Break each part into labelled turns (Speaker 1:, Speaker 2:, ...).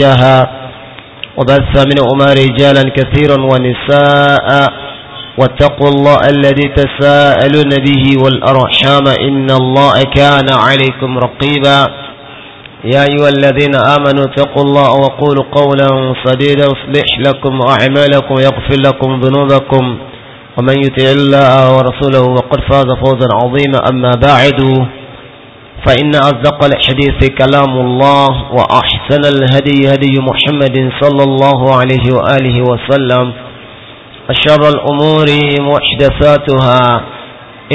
Speaker 1: جاها وبث منهما رجالا كثيرا ونساء واتقوا الله الذي تساءلون به والأرحام إن الله كان عليكم رقيبا يا أيها الذين آمنوا اتقوا الله وقولوا قولا صديدا يصلح لكم أعمالكم ويغفر لكم ذنوبكم ومن يتع الله ورسوله وقد فاز فوزا عظيما أما بعد فإن أصدق الحديث كلام الله وأحسن الهدي هدي محمد صلى الله عليه وآله وسلم أشر الأمور محدثاتها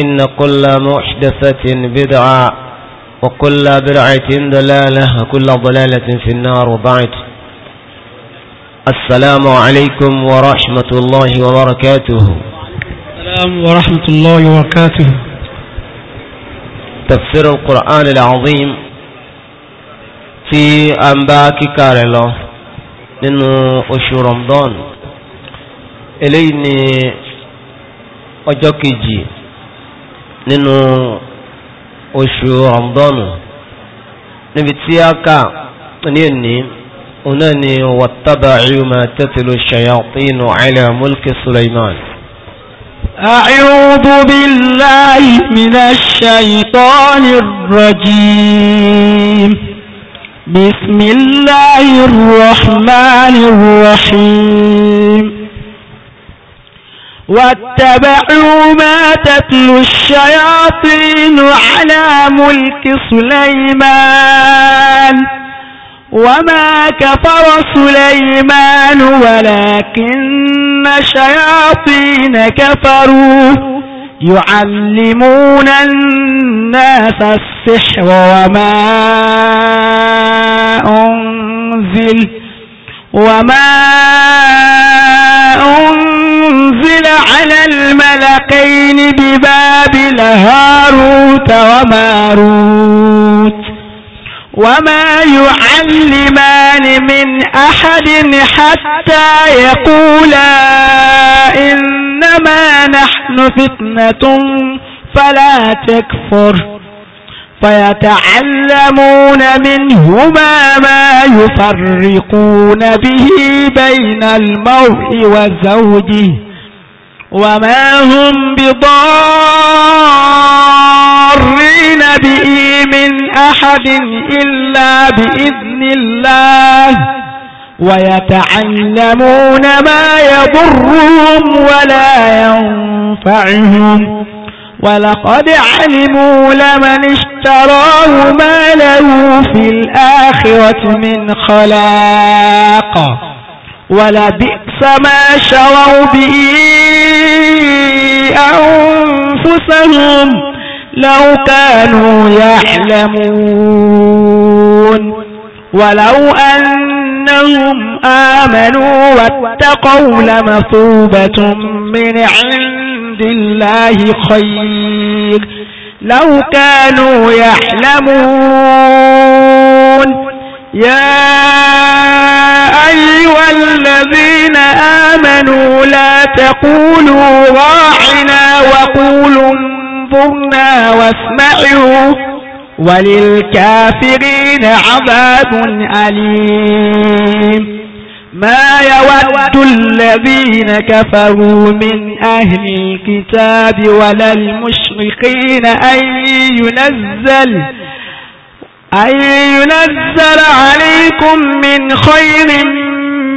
Speaker 1: إن كل محدثة بدعة وكل برعة ضلالة وكل ضلالة في النار وبعد السلام عليكم ورحمة الله وبركاته
Speaker 2: السلام ورحمة الله وبركاته
Speaker 1: تفسير القرآن العظيم في أنباك كارلو ننو أشو رمضان إليني أجوكيجي ننو أشو رمضان نبتسياكا نيني أناني واتبعوا ما تتلو الشياطين على ملك سليمان
Speaker 3: أعوذ بالله من الشيطان الرجيم بسم الله الرحمن الرحيم واتبعوا ما تتلو الشياطين على ملك سليمان وما كفر سليمان ولكن الشياطين كفروا يعلمون الناس السحر وما أنزل وما أنزل على الملقين ببابل هاروت وماروت وما يعلمان من أحد حتى يقولا إنما نحن فتنة فلا تكفر فيتعلمون منهما ما يفرقون به بين المرء وزوجه وما هم بضار مضرين به من أحد إلا بإذن الله ويتعلمون ما يضرهم ولا ينفعهم ولقد علموا لمن اشتراه ما له في الآخرة من خلاق ولبئس ما شروا به أنفسهم لو كانوا يعلمون ولو أنهم آمنوا واتقوا لمثوبة من عند الله خير لو كانوا يعلمون يا أيها الذين آمنوا لا تقولوا راعنا وقولوا انظرنا واسمعوا وللكافرين عذاب أليم ما يود الذين كفروا من أهل الكتاب ولا المشرقين أن ينزل أن ينزل عليكم من خير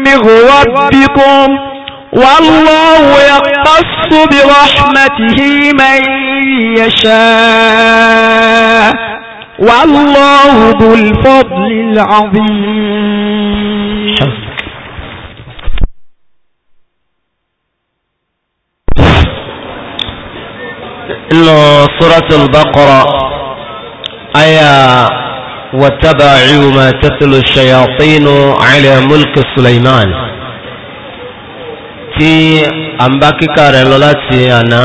Speaker 3: من ربكم والله يقص برحمته من يشاء والله ذو الفضل العظيم
Speaker 4: إلا سورة البقرة
Speaker 1: آية وتبعوا ما تتلو الشياطين على ملك سليمان tí a ń bá kíkà rẹ̀ lọ láti àná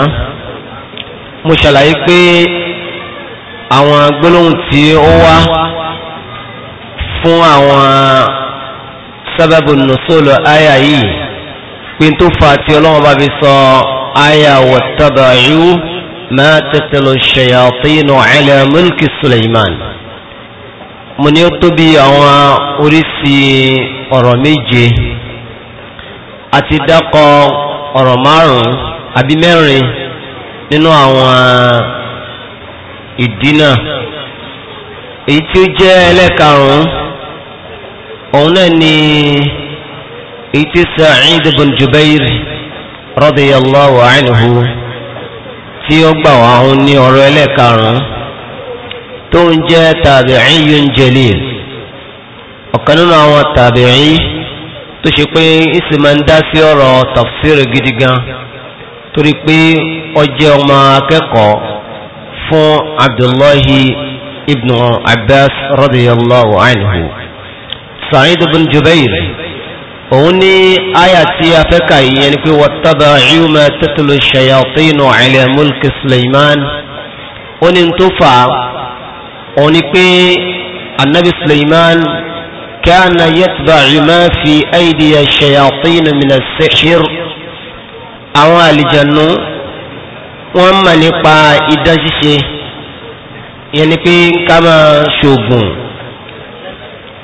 Speaker 1: mo ṣàlàyé pé àwọn gbólóhùn tí ó wá fún àwọn sábàbù nùsọ́lù àyà yìí pé tó fa tí ọlọ́wọ́n bá fi sọ àyà wọ̀tàbàáyú máa tẹ̀tẹ̀lọ ṣayàtínú ala mulki Suleiman mo ní ó tóbi àwọn oríṣi ọ̀rọ̀ méje. àti dákọ̀ ọ̀rọ̀ márùn-ún àbí mẹ́rin nínú àwọn ìdínà èyí tí ó jẹ́ ẹlẹ́karùn ni èyí tí Sa'id ibn Jubair radiyallahu anhu tí ó gbà wá òun ní ọ̀rọ̀ ẹlẹ́karùn-ún tó ń jẹ́ tabi'iyun jalil ọ̀kan nínú àwọn tó ṣe pé ìsìn máa ń dá sí ọ̀rọ̀ tafsir gidi gan torí pé ó jẹ́ ọmọ akẹ́kọ̀ọ́ fún abdullahi ibn abbas radiyallahu anhu sa'id ibn jubair òun ní àyà tí a fẹ́ kà yìí ẹni pé wattaba'u ma tatlu shayatinu ala mulki suleiman ó ní tó fà á òun ní pé anabi suleiman. كان يتبع ما في أيدي الشياطين من السحر أوال جنو وما نقا إدجسه يعني في كما شوبون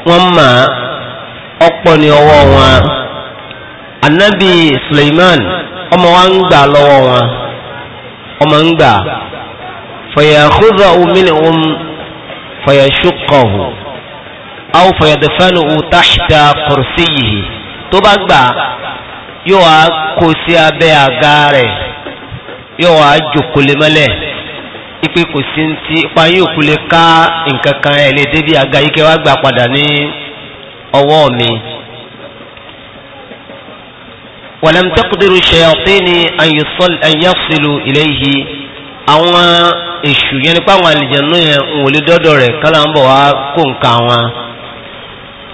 Speaker 1: وما أقبني وما النبي سليمان
Speaker 4: ọmọ wa ń gbà lọ́wọ́ wọn
Speaker 1: ọmọ ń gbà fọyà kúzọ̀ omi ni òun fọyà ṣùkọ̀ ọ̀hún aw fayadfanuhu tahta kursiyyihi tó bá gbà yóò wá kó sí abẹ́ àga rẹ̀ yóò wá jòkólé mọ́lẹ̀ ipe kò sí ti ipa yóò kú lè ká nǹkan kan ẹ̀ lè débi àga yìí kẹ́ wá gbà padà ní ọwọ́ mi. walam taqdiru shayatini an yasilu ilayhi àwọn èṣù yẹn nípa àwọn àlìjẹ̀nú yẹn ń wòlé dọ́dọ̀ rẹ̀ kálá ń bọ̀ wá kó nǹkan wọn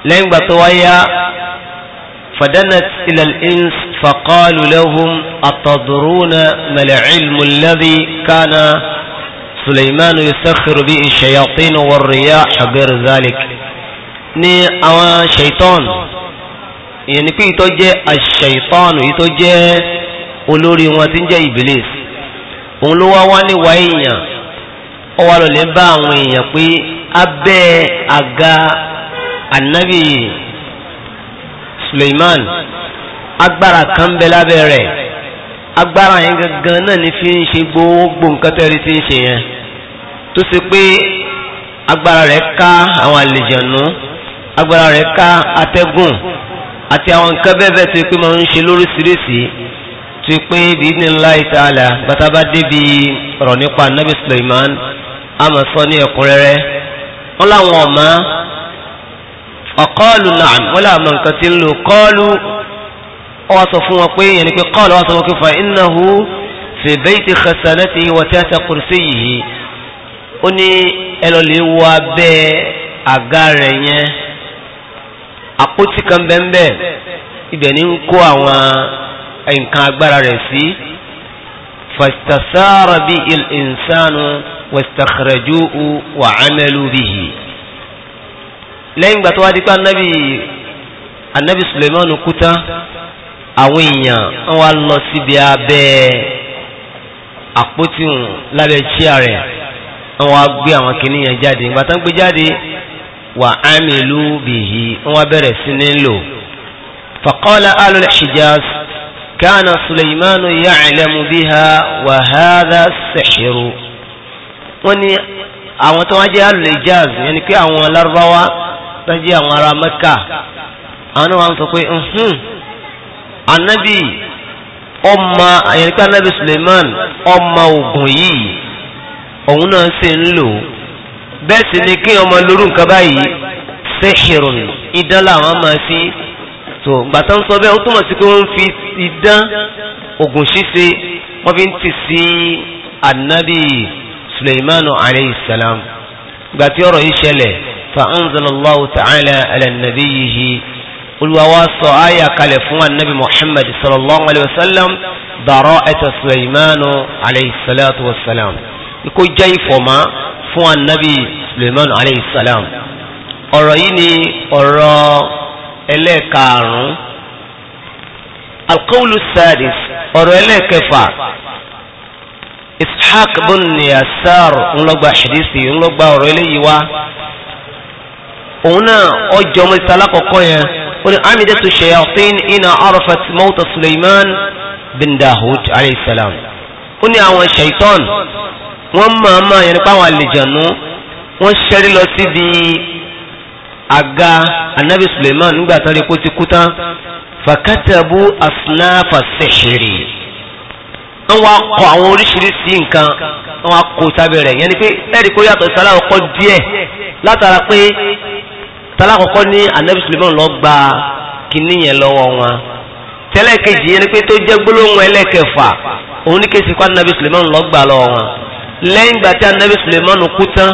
Speaker 1: lẹ́yìn gbà فدنت إلى الإنس فقالوا لهم faqalu lahum atadruna الذي كان سليمان kana suleimanu الشياطين والرياح غير ذلك riyah ghayr zalik ní àwọn shaitan ìyẹn ni pé ìtọ́ jẹ́ aṣèitọ́nù ìtọ́ jẹ́ olórí wọn tí ń jẹ́ Iblis òun ló wá wá níwá èèyàn ó wá bá àwọn èèyàn pé abẹ́ àga anabi Suleiman agbára kan bẹ lábẹ́ rẹ̀ Agbara yẹn gangan náà ni fi ń ṣe gbogbo nǹkan tó ẹrí ti ń ṣe yẹn tó ṣe pé agbára rẹ̀ ká àwọn àlejànú agbára rẹ̀ ká atẹ́gùn àti àwọn nǹkan bẹ́ẹ̀ bẹ́ẹ̀ tó pé máa ń ṣe lóríṣiríṣi tó pé bi'idhnillahi ta'ala bàtà bá débi ọ̀rọ̀ nípa nabi Suleiman a máa sọ ní ẹ̀kúnrẹ́rẹ́
Speaker 4: wọn láwọn ọ̀ma
Speaker 1: ọ̀kọ́ọ̀lù náà wọ́n lè àmọ́ nǹkan tí ń lò kọ́ọ̀lù ọwọ́ sọ fún wọn pé yẹn ni pé kọ́ọ̀lù ọwọ́ sọ wọn pé fa innahu fi bayti khasanatihi wa tahta kursiyyihi ó ní ẹlọ́lẹ̀ wọ abẹ́ àga rẹ̀ yẹn àpótí kan bẹ́ẹ̀ ibẹ̀ ní ń kó àwọn nǹkan agbára rẹ̀ sí fastasara bihi al-insanu wastakhrajuhu wa amalu lẹ́yìn ìgbà tó wá di pé anabi anabi suleiman kú tán àwọn èèyàn wọn wá lọ síbi abẹ́ àpótí wọn lábẹ́ chíà rẹ̀ wọn wá gbé àwọn kìnìyàn jáde ìgbà tó ń gbé jáde wà ámìlú bìhí wọn wá bẹ̀rẹ̀ sí ní lò faqala alul hijaz kana suleiman ya'lamu biha wa hadha as-sihru wọn ni àwọn tó wá jẹ́ alul hijaz yẹn ni pé àwọn Lárúbáwá tán jẹ́ àwọn ará Mẹ́kà àwọn náà wà ń sọ pé anabi ọmọ àyẹ̀nìkà anabi Suleiman ọmọ ogun yìí òun náà sì ń lò bẹ́ẹ̀ sì ni kí ọmọ lórí nǹkan báyìí sẹ́hìrùn idán làwọn máa fi tó gbàtà ń sọ bẹ́ẹ̀ ó túmọ̀ sí pé wọ́n fi idán ogun ṣíṣe wọ́n fi ń tì sí anabi Suleiman alayhi salam gbàtí ọ̀rọ̀ yìí ṣẹlẹ̀. فأنزل الله تعالى على نبيه الوواص آية كالفوان النبي محمد صلى الله عليه وسلم براءة سليمان عليه الصلاة والسلام يقول جاي فما فوان النبي سليمان عليه السلام أرأيني أرى إليك القول السادس أرى إليك فا إسحاق بن يسار ونلقى حديثي ونلقى أرى òun náà ọjọ́ ọmọ ìsàlá kọ̀ọ̀kan yẹn ó ní amidatu shayatin ina arafat mawta suleiman bin dahud aleyhisselam ó ní àwọn shaitan wọ́n máa máa yẹn nípa àwọn àlejànú wọ́n ṣẹ́rí lọ síbi àga anabi suleiman nígbà tán lè kó ti kú tán fakatabu asnafa sihiri wọ́n wá kọ àwọn oríṣiríṣi nǹkan wọ́n wá kó sábẹ́ yẹn ni pé ẹ̀rí kó yàtọ̀ sálà ọkọ̀ díẹ̀ látara pé tala kọ́kọ́ ni anabi suleman lọ gba kínní yẹn lọ́wọ́ wọn tẹ́lẹ̀ kejì yẹn ni pé tó jẹ́ gbólóhùn ẹlẹ́kẹfà òun ní kéṣe kó anabi suleman lọ gba lọ́wọ́ wọn lẹ́yìn ìgbà tí anabi suleman kú tán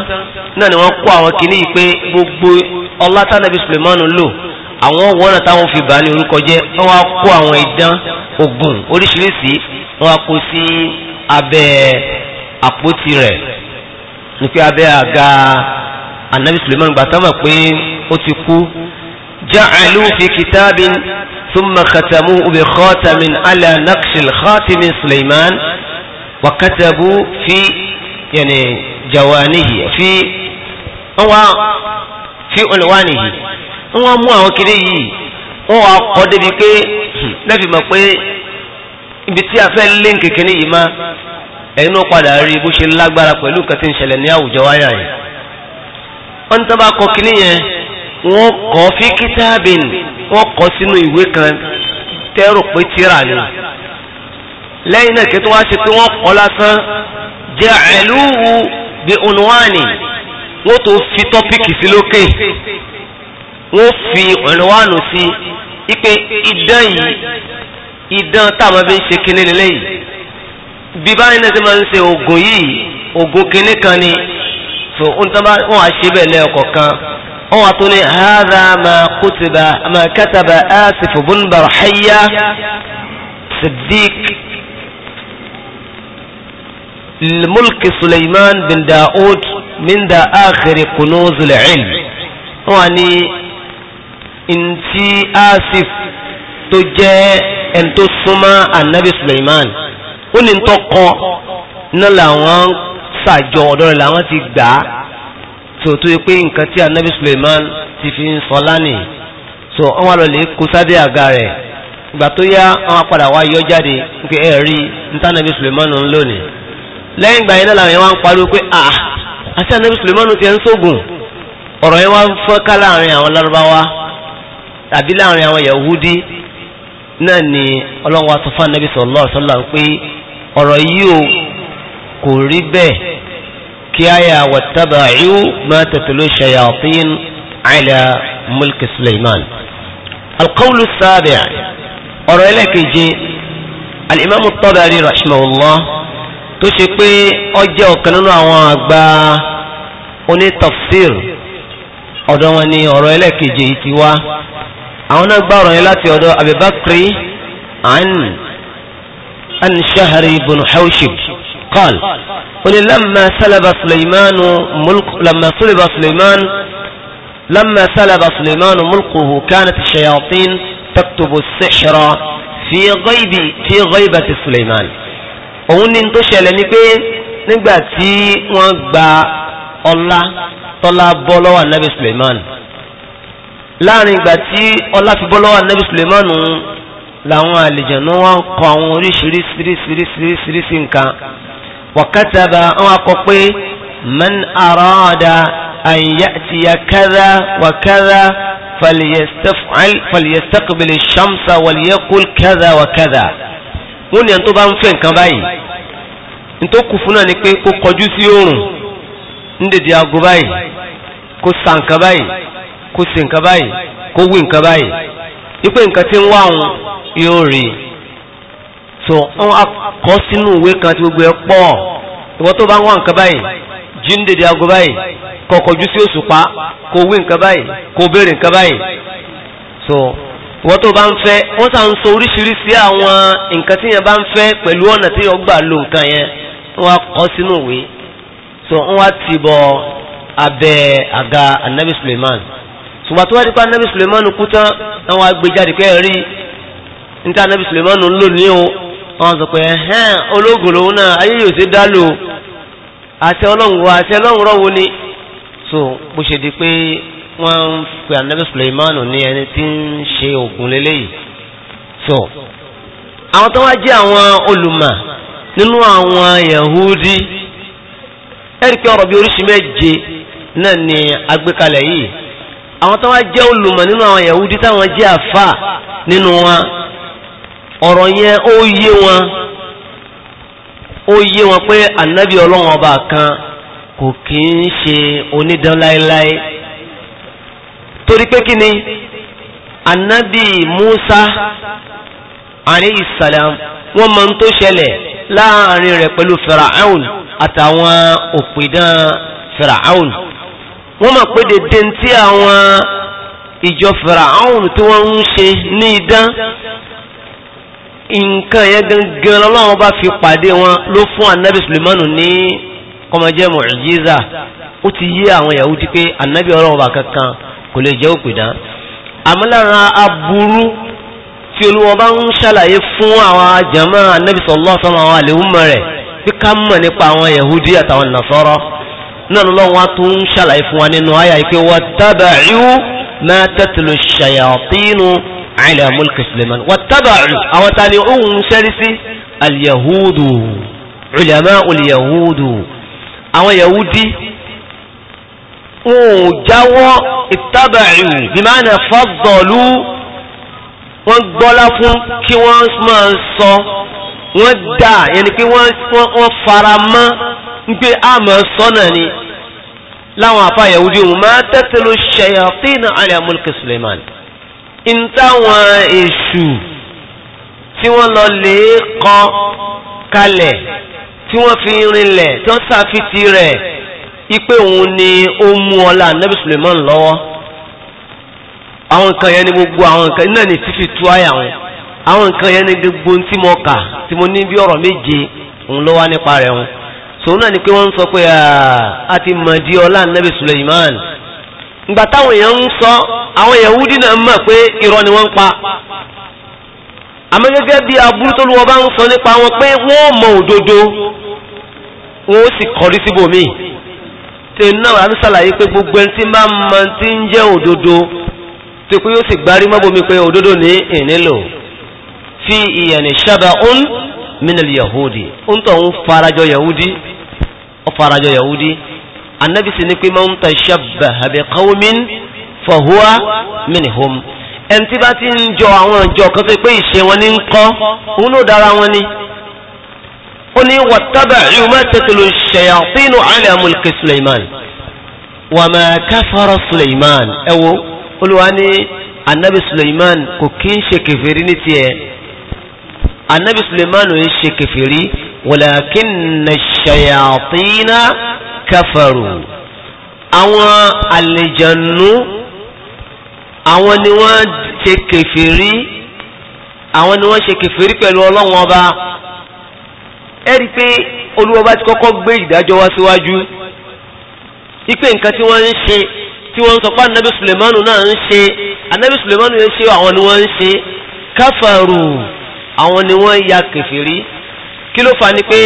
Speaker 1: náà ni wọ́n kó àwọn kínní yìí pé gbogbo ọlá tí anabi suleman lò àwọn wọ́nà táwọn fi bá ní orúkọ jẹ́ wọ́n wá kó àwọn idán ogun oríṣiríṣi wọ́n wá kó sí abẹ́ àpótí rẹ̀ ní pé àga anabi suleiman gbà tá mọ̀ pé ó ti kú ja'alu fi kitabin thumma khatamuhu bi khatamin ala naqshil khatimi suleiman wa katabu fi yani jawanihi fi wọ́n wá fi olùwánìyí wọ́n mú àwọn kiri yìí wọ́n wá kọ́ débi pé lẹ́fi mọ̀ pé ibi tí a fẹ́ lé kékeré yìí má ẹ̀yin náà padà rí bó ṣe lágbára pẹ̀lú nǹkan ń ṣẹlẹ̀ ní àwùjọ wáyà yìí wọ́n ní tọ́ba kọ kínní yẹn wọ́n kọ́ fi kítábìn wọ́n kọ́ sínú ìwé kan tẹ́rù pé tíra ni lẹ́yìn náà kẹ́tọ́ wá ṣe pé wọ́n kọ́ lásán jẹ́ ẹ̀lúhu bí ònúwánì wọ́n tó fi tọ́píkì sí lókè wọ́n fi ònúwánù sí ipe idán yìí idán táwọn fi ń ṣe kínní nílẹ̀ yìí bí báyìí náà ti máa ń ṣe oògùn yìí oògùn kínní kan ni so ohun tó bá wọn wá ṣe bẹ́ẹ̀ lẹ́ẹ̀kọ̀kan wọn wá tó ní hadha ma kutiba ma kataba asif bun barhaya siddiq mulki suleiman bin daoud min da akhiri kunuzul ilm wọn wá ní ntí asif tó jẹ́ ẹni tó súnmọ́ anabi suleiman ó ní ntọ́ kọ́ náà làwọn. sàjọ ọ̀dọ́ rẹ̀ làwọn ti gbà á tó tó yẹ pé nǹkan tí anabi Suleiman ti fi ń sọ lánìí so wọ́n wá lọ lè kó sábẹ́ àga rẹ ìgbà tó yá wọ́n apàdà wá yọ jáde pé ẹ rí ntànàbí Suleiman ń lónìí lẹ́yìn ìgbà yẹn náà làwọn yẹn wá ń pariwo pé ah, àti Suleiman ti ń sógun ọ̀rọ̀ yẹn wá ń fọ́ká láàrin àwọn tàbí láàrin àwọn Yahudi náà ni ọlọ́wọ́ pé ọ̀rọ̀ yìí kò rí bẹ́ẹ̀ kí àyà wattaba'u ma tatlu shayatin ala mulki Sulaiman. alqawlu sábẹ̀ ọ̀rọ̀ ẹlẹ́keje alimami Tabari rahimahullah tó ṣe pé ọjọ́ ọ̀kan nínú àwọn àgbà onítafsir ọ̀dọ̀ wọn ni ọ̀rọ̀ ẹlẹ́keje yìí ti wá àwọn náà gbá ọ̀rọ̀ yẹn láti ọ̀dọ̀ Abubakri an an قال قل لما سلب سليمان ملك لما سلب سليمان لما سلب سليمان ملكه كانت الشياطين تكتب السحر في غيب في غيبة سليمان òun ni tó ṣẹlẹ̀ ni pé nígbà tí wọ́n gba ọlá tọ́lá bọ́ lọ́wọ́ anabi suleiman láàrin ìgbà tí ọlá fi bọ́ lọ́wọ́ anabi suleiman làwọn àlejò náà wọ́n kọ àwọn oríṣiríṣiríṣiríṣiríṣi nǹkan وكتب وققي من أراد أن يأتي كذا وكذا فليستفعل فليستقبل الشمس وليقل كذا وكذا wọ́n ní ẹni tó bá ń fẹ́ nǹkan báyìí ní tó kù fún náà ni pé kó kọjú sí oòrùn ní dèdè aago báyìí kó sa nǹkan báyìí kó ṣe nǹkan báyìí kó wí nǹkan báyìí wípé nǹkan tí ń wá òun yóò rí so wọn akọ sínú ìwé kan tí gbogbo ẹ pọ̀ ìwọ tó bá ń wá nǹkan báyìí jí ń dèdè aago báyìí kó kọjú sí òṣùpá kó wí nǹkan báyìí kó béèrè nǹkan báyìí so ìwọ tó bá ń fẹ́ wọn sà ń sọ oríṣiríṣi àwọn nǹkan tí yẹn bá ń fẹ́ pẹ̀lú ọ̀nà tí yẹn gbà lo nǹkan yẹn wọn akọ sínú ìwé so wọn ti bọ abẹ́ àga anabi suleiman ṣùgbọ́n tó wá dípa anabi suleiman kú tán àwọn agbèjáde kẹ́ níta anabi suleiman ń lò ní o wọ́n sọ pé ẹ̀hẹ́n ológun lòun náà ayé yóò ṣe dá lò àti ọlọ́run wo àti ọlọ́run rọ́wọ́ ni so bó ṣe di pé wọ́n ń pe anabi suleiman ní ẹni tí ń ṣe ògùn lélẹ́yìí so àwọn tó wá jẹ́ àwọn olùmọ̀ nínú àwọn yahudi ẹ̀rí pé ọ̀rọ̀ bí oríṣi méje náà ni agbékalẹ̀ yìí àwọn tó wá jẹ́ olùmọ̀ nínú àwọn yahudi táwọn jẹ́ àfà nínú wọn ọ̀rọ̀ yẹn ó yé wọn ó yé wọn pé ànábì ọlọ́run ọba kan kò kí ń ṣe onídán láéláé torí pé kí ni ànábì Musa alayhi salam wọ́n mọ̀ tó ṣẹlẹ̀ láàrin rẹ̀ pẹ̀lú Fir'aun àtàwọn òpìdán Fir'aun wọ́n mọ̀ pé dédé tí àwọn ìjọ Fir'aun tí wọ́n ń ṣe ní idán nǹkan yẹn gangan lọ́wọ́ bá fi pàdé wọn ló fún anabi sulemanu ní kọmọjẹ́ mọ̀jíza ó ti yé àwọn yahudi pé anabi ọlọ́wọ́ bá kankan kò lè jẹ́ òpìdán àmúlára aburú tí olúwa bá ń ṣàlàyé fún àwọn jama anabi sallallahu alaihi wasallam àwọn àlèhùnmọ̀ rẹ̀ bí ká mọ̀ nípa àwọn yahudi àtàwọn nasara náà lọ́wọ́ wọn tún ń ṣàlàyé fún wa nínú àyà yìí pé wattaba'u ma tatlu ash-shayatinu ala mulki suleiman wattaba'u àwọn tani ohun sẹ́rí sí alyahudu ulama ulyahudu àwọn yahudi ohun jáwọ́ ittaba'u bí máa na faddalu wọ́n gbọ́lá fún kí wọ́n máa sọ wọ́n dà yẹni pé wọ́n fara mọ́ wípé a mọ̀ sọ́nà ni láwọn àfáà yahudi ohun máa tẹ́tẹ̀lú shayatin ala mulki suleiman ń táwọn èṣù tí wọ́n lọ lè kọ kalẹ̀ tí wọ́n fi rinlẹ̀ tí wọ́n sàfitì rẹ̀ ipe òun ni ó mú ọlá nẹ́bí Suleiman lọ́wọ́ àwọn nǹkan yẹn ni gbogbo àwọn nǹkan náà ni fífi tú àyà wọn àwọn nǹkan yẹn ni gbogbo tí mo kà tí mo ní bí ọ̀rọ̀ méje òun ló wá nípa rẹ̀ wọn sòun náà ni pé wọ́n ń sọ pé a ti mọ̀ di ọlá nẹ́bí Suleiman ìgbà táwọn èèyàn ń sọ àwọn Yahudi náà mọ̀ pé irọ́ ni wọ́n ń pa àmọ́ gẹ́gẹ́ bí aburú tó lọ́wọ́ bá ń sọ nípa wọn pé wọ́n mọ òdodo wọn ó sì kọrí síbòmíì tí náà wà ní sàlàyé pé gbogbo ẹni tí máa mọ tí ń jẹ́ òdodo tí pé yóò sì gbárí mọ́bomi pé òdodo ní ìnílò fi ìyẹ̀nì ṣáda ń minal Yahudi ń tọ̀ ń farajọ Yahudi ó farajọ Yahudi anabi sì ni pé man tashabbaha bi qawmin fahuwa minhum ẹni tí bá ti ń jọ àwọn ìjọ kan tó pé ìṣe wọn ní ń kọ́ òun ló dára wọn ni ó ní wattaba'u ma tatlu ash-shayatinu ala mulki Sulaiman wa ma kafara Sulaiman ẹ wo olùwà ní anabi Sulaiman kò kí ń ṣe kẹfìrí ní tiẹ̀ anabi Sulaiman ò ń ṣe kẹfìrí walakinna ash-shayatina kafaru àwọn àlejànú àwọn ni wọ́n ṣe kèfèrí àwọn ni wọ́n ṣe kèfèrí pẹ̀lú ọlọ́wọ́n ọba ẹ rí i pé olúwọba ti kọ́kọ́ gbé ìdájọ́ wá síwájú ipe nǹkan tí wọ́n ń ṣe tí wọ́n ń sọ pé anabi sulemanu náà ń ṣe anabi sulemanu yẹn ṣe àwọn ni wọ́n ń ṣe káfàrù àwọn ni wọ́n ya kèfèrí kí ló fa ni pé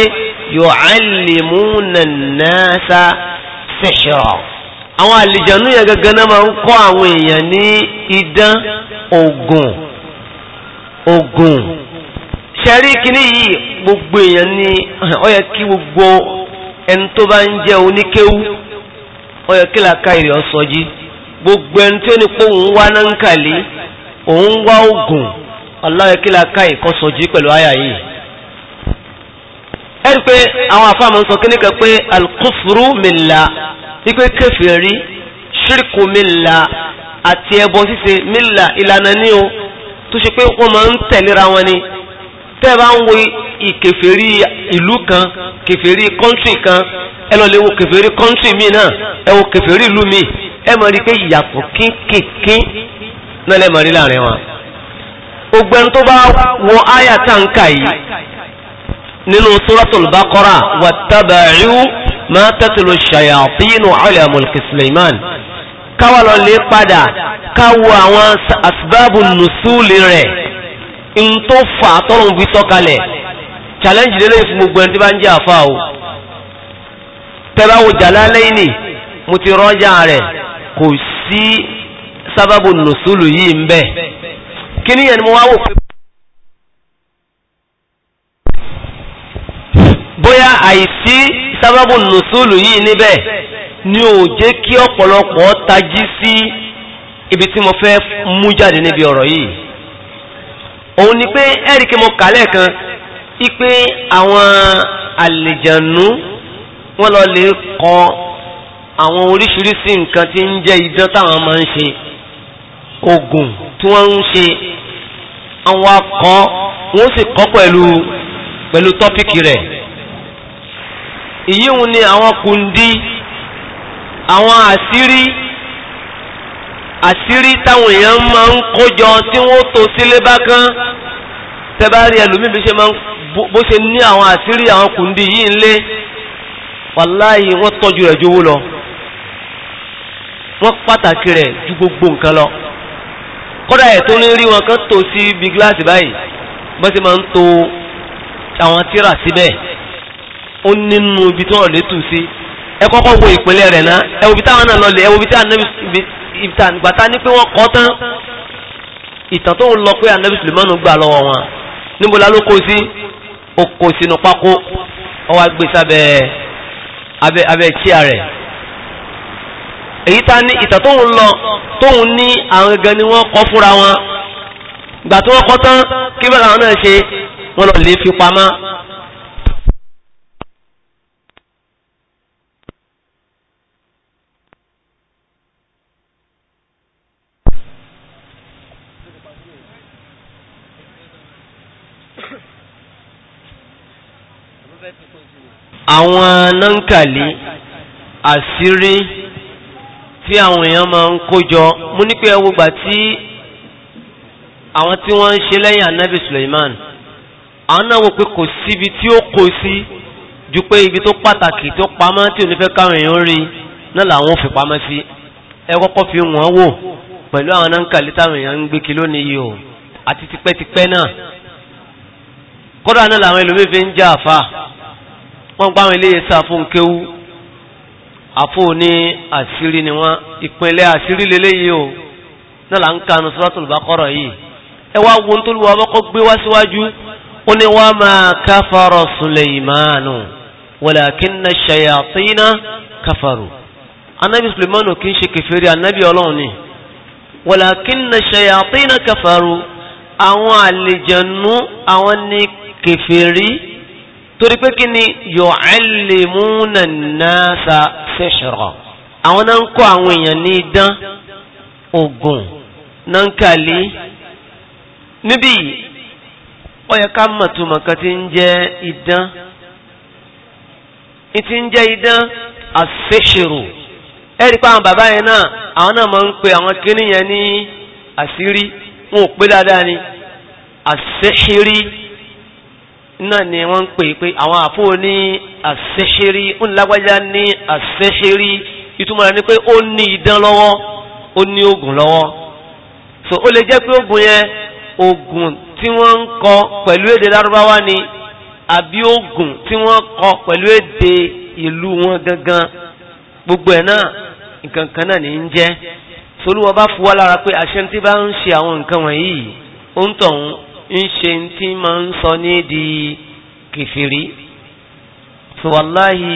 Speaker 1: yu'allimuna an-nasa sihra àwọn àlìjànú yẹn gangan náà máa ń kọ́ àwọn èèyàn ní idán ogun ogun ṣẹ́rí kìíní yìí gbogbo èèyàn ní ó yẹ kí gbogbo ẹni tó bá ń jẹ́ oníkéwú ó yẹ kí làákà èrè ọ̀sọ́jí gbogbo ẹni tí ó ní pé òun wá náà ń kàlí òun wá ogun Allah kí làákà ìkọ́sọ́jí pẹ̀lú àyà yìí ẹ̀rí pé àwọn afáàmù sọ kíní kan pé alkufuru mìlá wípé kẹfìrí ṣírkù mìlá àti ẹbọ ṣíṣe mìlá ìlànà ní o tó ṣe pé wọ́n máa ń tẹ̀léra wọn ni tẹ́ ẹ bá ń wo ìkẹfìrí ìlú kan kẹfìrí kọ́ńtì kan ẹ lọ lè wo kẹfìrí kọ́ńtì míì náà ẹ wo kẹfìrí ìlú míì ẹ mọ̀ rí pé ìyàtọ̀ kínkínkín náà lẹ́ mọ̀ rí láàrin wọn. ògbẹ́ni tó bá wọ nínú suratul baqara wattaba'u ma tatlu shayatinu ala mulki Sulaiman káwa lọ lè padà káwo àwọn asbábù nùsúlì rẹ̀ ń tó fà tọ́lọ̀ ń fi sọ́kalẹ̀ challenge lélẹ́yìn fún gbogbo ẹni tí bá ń jẹ́ àfa o tẹ́láwò Jalalaini mo ti rọ́jà rẹ̀ kò sí sábàbù nùsúlù yìí ń bẹ kí ni yẹn ni mo wá wò pé. àìsí sábàbù nùsùlù yìí níbẹ̀ ni ò jẹ́ kí ọ̀pọ̀lọpọ̀ tají sí ibi tí mo fẹ́ mú jáde níbi ọ̀rọ̀ yìí òun ni pé ẹ́rìkì mo kà lẹ́ẹ̀kan ipe àwọn àlejànú wọ́n lọ lè kọ àwọn oríṣiríṣi nǹkan tí ń jẹ́ idán táwọn máa ń ṣe oògùn tí wọ́n ń ṣe àwọn akọ wọ́n sì kọ́ pẹ̀lú pẹ̀lú tọ́pìkì rẹ̀ ìyíhun ni àwọn kundi, àwọn àṣírí àṣírí táwọn èèyàn máa ń kójọ tí wọ́n tó sílé bá kán tẹ́bárí ẹlòmíì bí ṣe máa ń bó ṣe ní àwọn àṣírí àwọn kùndí yìí ń lé wàláyé wọ́n tọ́jú rẹ̀ jówó lọ wọ́n pàtàkì rẹ̀ ju gbogbo nǹkan lọ kódà ẹ̀ ní rí wọn kan tó sí ibi gíláàsì báyìí bọ́n ṣe máa ń to àwọn tíra síbẹ̀ ó nínú ibi tí wọ́n lè tù sí ẹ kọ́kọ́ wo ìpínlẹ̀ rẹ̀ náà ẹ wo ibi táwọn náà lọ lè ẹ wo ibi tí anabi gbàtà ní pé wọ́n kọ́ tán ìtàn tó ń lọ pé anabi sulemanu gbà lọ́wọ́ wọn níbo la ló kó sí ó sínú pákó ọwọ́ agbè sábẹ́ abẹ́ abẹ́ tíya rẹ̀ èyí tá ní ìtàn tó ń lọ tóun ní àwọn gangan ni wọ́n kọ́ fúnra wọn
Speaker 4: gbà tí wọ́n kọ́ tán kí bẹ́ẹ̀ làwọn náà ṣe wọ́n lọ lè fi pamọ́.
Speaker 1: àwọn nánkàlí àṣírí tí àwọn èèyàn máa ń kójọ mú ní pé ẹwọ́gbà tí àwọn tí wọ́n ń ṣe lẹ́yìn anabi Suleiman àwọn náà wò pé kò síbi tí ó kó sí ju pé ibi tó pàtàkì tó pamọ́ tí ò ní fẹ́ káwọn èèyàn rí náà làwọn fi pamọ́ sí ẹ kọ́kọ́ fi wọ́n wò pẹ̀lú àwọn nánkàlí táwọn èèyàn ń gbé kí lónìí yìí o àti tipẹ́tipẹ́ náà kódà náà làwọn ẹlòmíín fi ń jẹ́ àfà wọ́n gbáwọn iléyè sáfún kéwú àfó ní àṣírí ni wọ́n ìpínlẹ̀ àṣírí leléyìí o náà là ń kanu Suratul Baqara yìí ẹ wá wo nítorí wọn kọ́ gbé wá síwájú ó ní wa ma kafara Sulaymanu walakinna shayatina kafaru anabi Sulaymanu kì í ṣe kèfèrí anabi ọlọ́run ni walakinna shayatina kafaru àwọn àlejànú àwọn ní kèfèrí torí pé kí ni yu'allimuna an-nasa sihra àwọn náà ń kọ́ àwọn èèyàn ní idán ogun náà ń kàlí níbí ó yẹ ká mọ̀túmọ̀ kan ti ń jẹ́ idán ìtì ń jẹ́ idán as ẹ̀rí pa àwọn bàbá yẹn náà àwọn náà máa ń pe àwọn kíní ní àṣírí wọn ò pé dáadáa ni as náà ni wọ́n ń pè pé àwọn àfó ní àṣẹ́ṣẹ́rí ó ní lágbájá ní àṣẹ́ṣẹ́rí ìtumọ̀ rẹ̀ ni pé ó ní idán lọ́wọ́ ó ní oògùn lọ́wọ́ so ó lè jẹ́ pé oògùn yẹn oògùn tí wọ́n ń kọ pẹ̀lú èdè lárúbáwá ni àbí oògùn tí wọ́n kọ pẹ̀lú èdè ìlú wọn gangan gbogbo ẹ̀ náà nǹkan kan náà ní ń jẹ́ solúwọ́ bá fún lára pé àṣẹ tí bá ń ṣe àwọn nǹkan wọ̀nyí ó ń tọ̀hún ń ṣe tí máa ń sọ ní di kìfìrí so wàláhì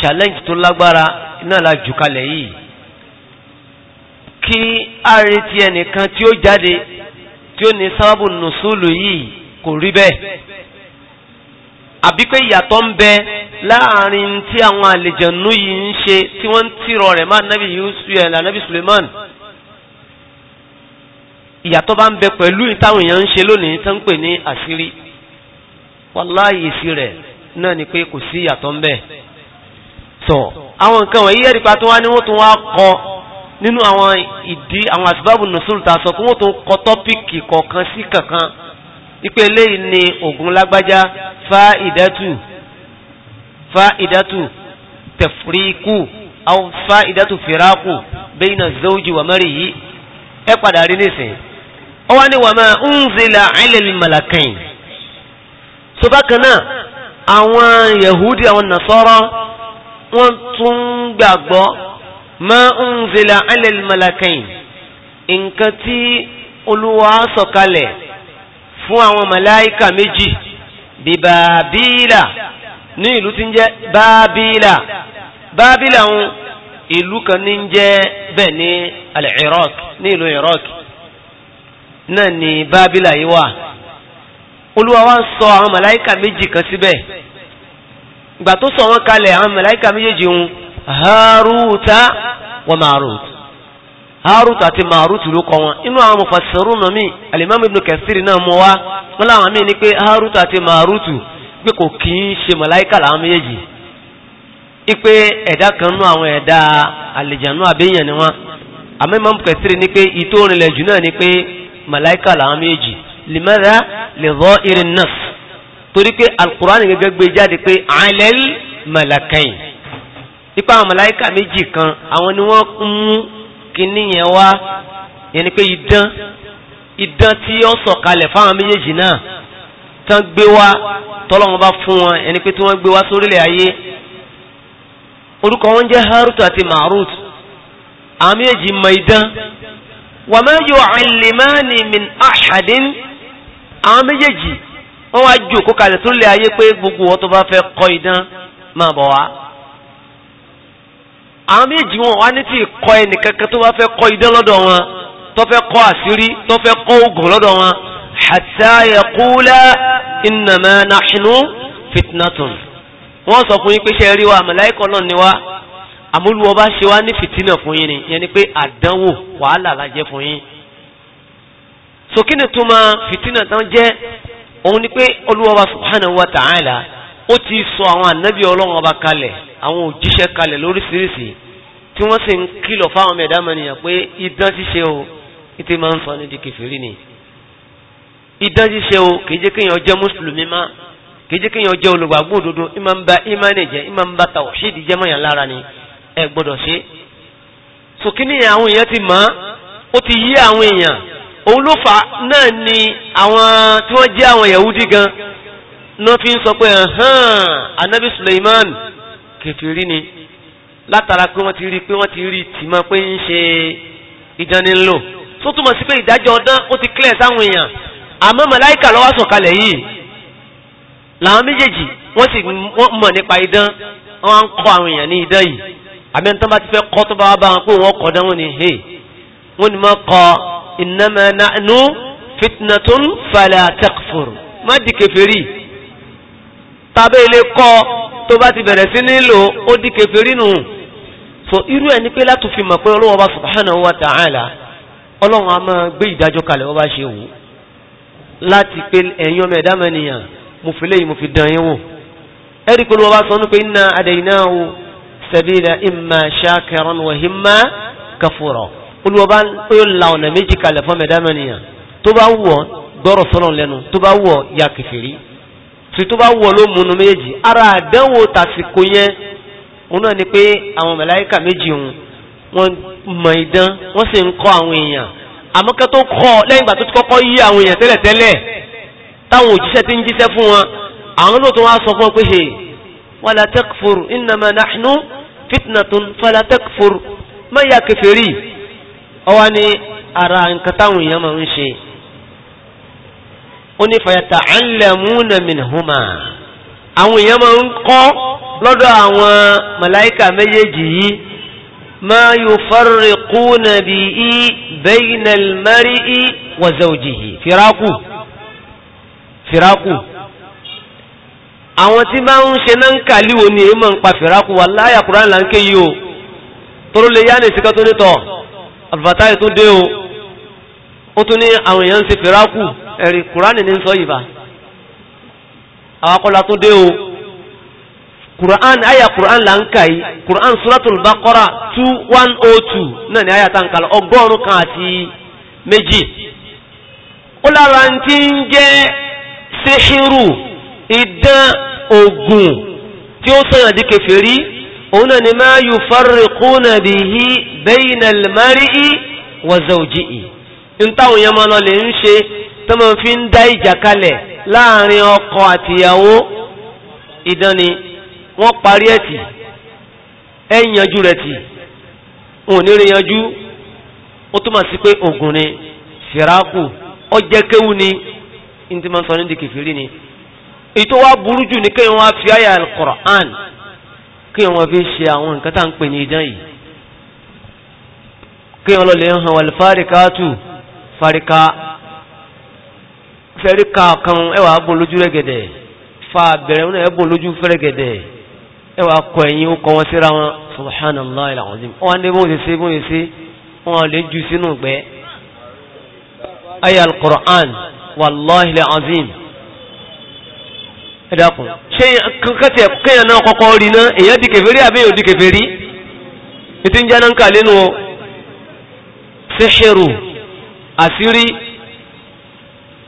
Speaker 1: challenge tó lágbára náà la jù kalẹ̀ yìí kí a retí ẹnìkan tí ó jáde tí ó ní sábàbù nùsùlù yìí kò rí bẹ́ẹ̀ àbí pé ìyàtọ̀ ń bẹ láàrin tí àwọn àlejànú yìí ń ṣe tí wọ́n ń tìrọ rẹ̀ máa nábì yusuf ẹ̀ lànàbì suleiman ìyàtọ̀ bá ń bẹ pẹ̀lú ìtàwọn èèyàn ń ṣe lónìí tó ń pè ní àṣírí wàláhì èsì rẹ̀ náà ni pé kò sí ìyàtọ̀ ń bẹ sọ àwọn nǹkan wọ̀nyí ẹ̀rí pa tó wá ní wọ́n tún wá kọ nínú àwọn ìdí àwọn àsìbábù nùsùlù sọ pé wọ́n tún kọ tọ́pìkì kọ̀ọ̀kan sí kankan ipe eléyìí ni ògùn lágbájá fa ìdátù fa ìdátù tẹ̀fúríkù fa ìdátù fìrákù bẹ́yìn náà zọ́ọ̀jì wàmẹ́rì yìí ẹ padà rí nísìnyí ọwá ní wàmá unzila alẹ́lì malakain so bákan náà àwọn yahudi àwọn nasọ́rọ́ wọ́n tún gbàgbọ́ ma unzila alẹ́lì malakain nǹkan tí olúwa sọ̀kalẹ̀ fún àwọn màláíkà méjì bí bàbílà ní ìlú tí ń jẹ́ bàbílà bàbílà ìlú kan ní ń jẹ́ bẹ́ẹ̀ ní ìlú Iraq náà ni bábílà yìí wà olúwa wá ń sọ àwọn màláìkà méjì kan síbẹ̀ ìgbà tó sọ wọn kalẹ̀ àwọn màláìkà méjèèjì ń haruta wa maruta harut àti marut ló kọ wọn inú àwọn mufassirun náà mi alimami ibn kathir náà mọ wá wọn láwọn míì ní pé harut àti marut pé kò kì í ṣe màláìkà làwọn méjèèjì ipe ẹ̀dá kan nú àwọn ẹ̀dá àlìjànú àbẹ́yàn ni wọn àmọ́ imam kathir ní pé ìtòrinlẹ̀ jù náà ni pé màláíkà làwọn méjì limadha li dhahirin nas torí pé alukurani gẹ́gẹ́ gbé jáde pé alal malakain ipa àwọn màláíkà méjì kan àwọn ni wọ́n mú kíní yẹn wá yẹn ni pé idán idán tí ó sọ̀kalẹ̀ fáwọn méjèèjì náà tán gbé wá tọ́lọ́wọ́n bá fún wọn ẹni pé tí wọ́n gbé wá sórílẹ̀ ayé orúkọ wọn jẹ́ Harut àti Marut àwọn méjèèjì mọ idán wàmá yu'allimani min ahadin àwọn méjèèjì wọ́n wá jù kó kalẹ̀ tó lè ayé pé gbogbo wọn tó bá fẹ́ kọ́ idán máa bọ̀ wá àwọn méjì wọn wá ní tí kọ́ ẹnìkankan tó bá fẹ́ kọ́ idán lọ́dọ̀ wọn tó fẹ́ kọ́ àṣírí tó fẹ́ kọ́ oògùn lọ́dọ̀ wọn hatta yaqula innama nahnu fitnatun wọ́n sọ fún yín pé ṣe rí wa màláìkọ́ náà ni wá àmúlù ọba ṣe wá ní fìtínà fún yín ni yẹn ni pé àdánwò wàhálà la jẹ́ fún yín so kí ni túmọ̀ fìtínà tán jẹ́ òun ni pé olúwọba subhanahu wa ta'ala ó ti sọ àwọn ànábì ọlọ́run ọba kalẹ̀ àwọn òjíṣẹ́ kalẹ̀ lóríṣiríṣi tí wọ́n sì ń kìlọ̀ fáwọn mẹ̀dámẹ́nìyàn pé idán ṣíṣe o ìtì máa ń sọ ní di kẹfìrí ni idán ṣíṣe o kìí jẹ́ kéèyàn jẹ́ mùsùlùmí má kìí jẹ́ kéèyàn jẹ́ olùgbàgbọ́ òdodo ìmọ̀ ń ba ìmánì jẹ́ ìmọ̀ ń ba tàwọ̀ṣídìí jẹ́ mọ́yàn lára ni ẹ gbọ́dọ̀ ṣe sòkínì àwọn èèyàn ti mọ̀ ó ti yí àwọn èèyàn òun ló fà náà ni àwọn tí wọ́n jẹ́ àwọn Yahudi gan náà fi ń sọ pé hàn anabi Suleiman kèfèrí ni látara pé wọ́n ti rí pé wọ́n ti rí tìmọ̀ pé ń ṣe ìdánilò tó túmọ̀ sí pé ìdájọ́ ọdán ó ti clear sáwọn èèyàn àmọ́ màláìkà lọ́wọ́ sọ̀kalẹ̀ yìí làwọn méjèèjì wọ́n sì mọ̀ nípa idán wọ́n ń kọ́ àwọn èèyàn ní idán yìí àmì tó bá ti fẹ́ kọ́ tó bá bá wọn pé wọ́n kọ́ dáwọn ni hey wọ́n ni máa kọ́ innama na'nu fitnatun fala takfur má di kèfèrí tàbí ilé kọ́ tó bá ti bẹ̀rẹ̀ sí nílò ó di kèfèrí nù so irú ẹni pé láti fi mọ̀ pé ọlọ́wọ́ bá subhanahu wa ta'ala ọlọ́run a máa gbé ìdájọ́ kalẹ̀ wọ́n bá ṣe wò láti pé ẹ̀yin ọmọ mo fi léyìn mo fi dán yín wò ẹ̀rí pé olúwa bá sọ sẹ̀bílà ìmà ṣákẹrán wàhímà kàfùrọ̀ olùwọ́bá yóò la ọ̀nà méjì kalẹ̀ fún mẹ́dámẹ́nìyàn tó bá wọ̀ gbọ́rọ̀ sọ́lọ̀ lẹ́nu tó bá wọ̀ ya kẹfìrí tí tó bá wọ̀ ló múnú méjì ara àdánwò tàsìkò yẹn òun náà ni pé àwọn mẹ̀láíkà méjì òun wọ́n mọ̀ idán wọ́n sì ń kọ́ àwọn èèyàn àmọ́kẹ́ tó kọ́ lẹ́yìn ìgbà tó ti kọ́kọ́ yí àwọn èèyàn tẹ́lẹ̀tẹ́lẹ̀ táwọn òjíṣẹ́ ti ń jíṣẹ́ fún wọn àwọn lóòótọ́ wọn á sọ fún wọn ولا تكفر إنما نحن فتنة فلا تكفر ما يا كفري أواني أرى إن كتاو يما وشي أني فيتعلمون منهما أو يما أنقو لدى أوا ملايكة ما يجي ما يفرقون به بين المرء وزوجه فراقو فراقو àwọn tí bá ń ṣe náà ń kàlíwò ní èémọ̀ ń pa fìrákù wà láyà kúrán là ń ké yìí o tóró lè yá ní ìsìnká tó nítọ̀ àbùbátá tó dé o ó tún ní àwọn èèyàn ń ṣe fìrákù ẹ̀rì kúránì ní sọ ìbá àwọn tó dé o kúrán àyà kúrán là ń kà yìí kúrán suratul baqara two one oh two náà ni àyà tá ń kàlọ́ ọgọ́rùn-ún kan àti méjì ó lára ń ti ń jẹ́ síhírù ìdán ogun tí ó sọ̀yàn di kèfèrí òun náà ni ma yufarriquna bihi bayna al-mar'i wa zawjihi ń táwọn yẹn máa lọ lè ń ṣe tó máa fi ń dá ìjà kalẹ̀ láàrin ọkọ àtìyàwó ìdán ni wọ́n parí ẹ̀ tì ẹ̀ yanjú rẹ̀ tì wọn ò ní rí yanjú ó túmọ̀ sí pé ogun ni fìràkù ọjẹ́ kéwù ni ní ti máa ń sọ ní di kèfèrí ni ètò wa burú jù ní kéèyàn wá fi àyà alukur'an kéèyàn wá fi ṣe àwọn nǹkan tá à ń pè ní idán yìí kéèyàn lọ lè hàn wàlú fáríkà tù fáríkà fẹ́ríkà kan ẹwà bùn lójú rẹ́gẹ̀dẹ̀ fa bẹ̀rẹ̀ wọn ẹbùn lójú fẹ́rẹ́gẹ̀dẹ̀ ẹwà kọ ẹ̀yìn ó kọ wọn síra wọn subhanallah ilàwọ̀dìm wọn ẹ̀dàkùn ṣe kọ́kọ́tì ẹ̀kọ́kẹ́yàn náà kọ́kọ́ rí náà èyàn di kèfèrí àbí èyàn di kèfèrí ètí ń jáná ń kà nínú ṣíṣẹ́rù àṣírí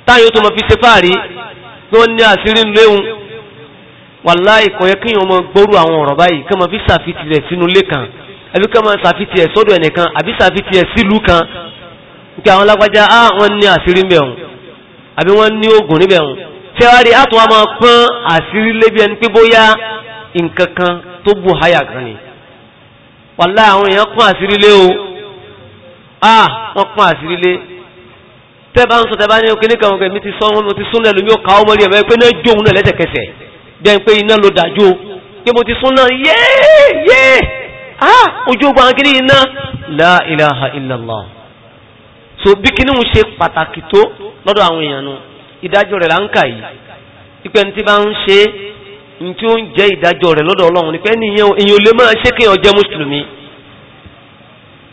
Speaker 1: táyọ̀ tó ma fi ṣe fáàrí pé wọ́n ní àṣírí léhun wàláì kò yẹ kéèyàn mọ gbóru àwọn ọ̀rọ̀ báyìí kí wọ́n fi ṣàfitìlẹ̀ ní àṣírí mbẹ̀hùn àbí tẹ́wárí àtún àmọ́ pọ́n àṣírí lébi ẹni pé bóyá nǹkan kan tó bù háyà kan ni wàlá àwọn èèyàn pọ́n àṣírí lé o ah wọ́n pọ́n àṣírí lé tẹ́ bá ń sọ tẹ́ bá ní okè níkan ọ̀gẹ̀ mi ti sọ wọn ti súnlẹ̀ lómi ó kàwọ́ mọ́rí ẹ̀mọ́ pé náà jó òun náà lẹ́sẹ̀kẹsẹ̀ bẹ́ẹ̀ pé iná ló dájú pé mo ti sún náà yéé yéé ah ojú ogun àgírí iná la ilaha illallah so bí kíní ń ṣe pàtàkì tó lọ́dọ̀ àwọn èèyàn náà ìdájọ́ rẹ̀ là ń kà yìí ipe ní ti bá ń ṣe ní tí ó ń jẹ́ ìdájọ́ rẹ̀ lọ́dọ̀ ọlọ́run ni pé níyẹn èyàn lè máa ṣe kéèyàn jẹ́ mùsùlùmí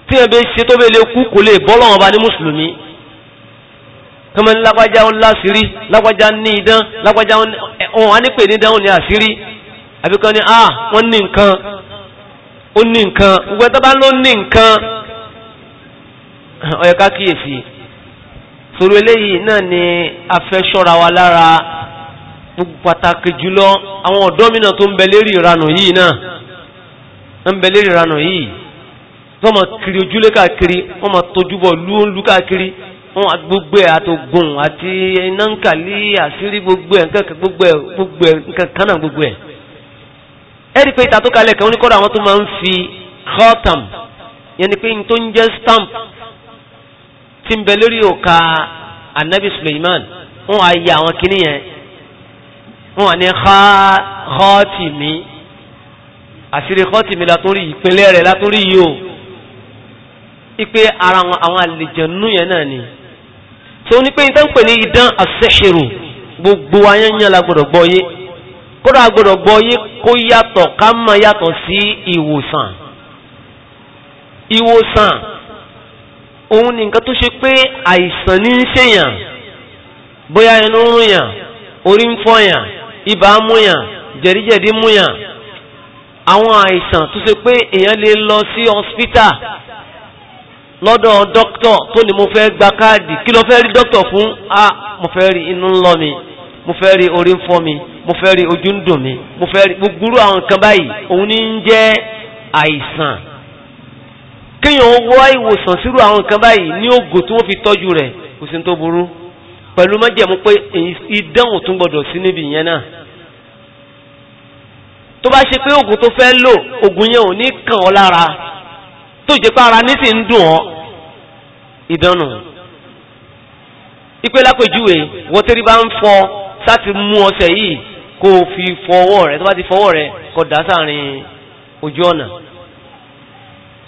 Speaker 1: tí ẹ bẹ ṣe tó bẹ lè kú kò lè bọ́ lọ́wọ́ bá ní mùsùlùmí kọ́mọ ní lágbájá ń láṣìírí lágbájá ní idán lágbájá ọ̀hún á ní ní idán ní àṣírí àbíkan ni ah wọ́n ní nǹkan ó ní nǹkan gbogbo ẹ̀ tó bá ló ní nǹkan ó ká kíyèsí sọ̀rọ̀ eléyìí náà ni a fẹ́ ṣọ́ra wa lára pàtàkì jùlọ àwọn ọ̀dọ́ mi náà tó ń bẹ lérí ìranù yìí náà ń bẹ lérí ìranù yìí tó mọ̀ kiri ojúlé káàkiri wọ́n mọ̀ tójúbọ̀ lú ń lú káàkiri wọ́n gbogbo ẹ̀ àtògùn àti iná ń kàlí àṣírí gbogbo ẹ̀ nǹkan gbogbo ẹ̀ tí ń bẹ lórí òka anabi suleiman wọn á yẹ àwọn kìíní yẹn wọn á ní xaatimi àṣírí xaatimi látún rí ìpínlẹ̀ rẹ̀ látún yìí o ipe ara àwọn àlejànú yẹn náà ni tó ní pé ìtàn ní idán àṣẹṣirò gbogbo ayẹyẹ la gbọ́dọ̀ gbọ́ yé kódà gbọ́dọ̀ gbọ́ yé kó yàtọ̀ ká má yàtọ̀ sí ìwòsàn ìwòsàn òun ni nǹkan tó ṣe pé àìsàn ní ń ṣèyàn bóyá ẹnu ń rún yàn orí ń fọyàn ibà mú yàn jẹ̀díjẹ̀dí àwọn àìsàn tó ṣe pé èèyàn lè lọ sí hospital lọ́dọ̀ dókítọ̀ tó ní mo fẹ́ gba káàdì kí ló fẹ́ rí dókítọ̀ fún a mo fẹ́ rí inú ń lọ mi mo fẹ́ rí orí ń fọ́ mi mo fẹ́ rí ojú ń dùn mi mo fẹ́ rí gbogbo àwọn nǹkan báyìí òun ní ń jẹ́ àìsàn kéèyàn wá ìwòsàn sírú àwọn nǹkan báyìí ní ògò tí wọ́n fi tọ́jú rẹ̀ kò sí tó burú pẹ̀lú májẹ̀mú pé ìdánwò tún gbọdọ̀ sí níbi ìyẹn náà tó bá ṣe pé ògùn tó fẹ́ lò ògùn yẹn ò ní kàn ọ́ lára tó jẹ́ pé ní sì ń dùn ọ́ ìdánù ipe lápèjúwe wọ́n tẹ́rí bá ń fọ sáti mú ọṣẹ yìí kó fi fọ rẹ̀ tó bá ti fọwọ́ rẹ̀ kó dà sáàrin ojú ọ̀nà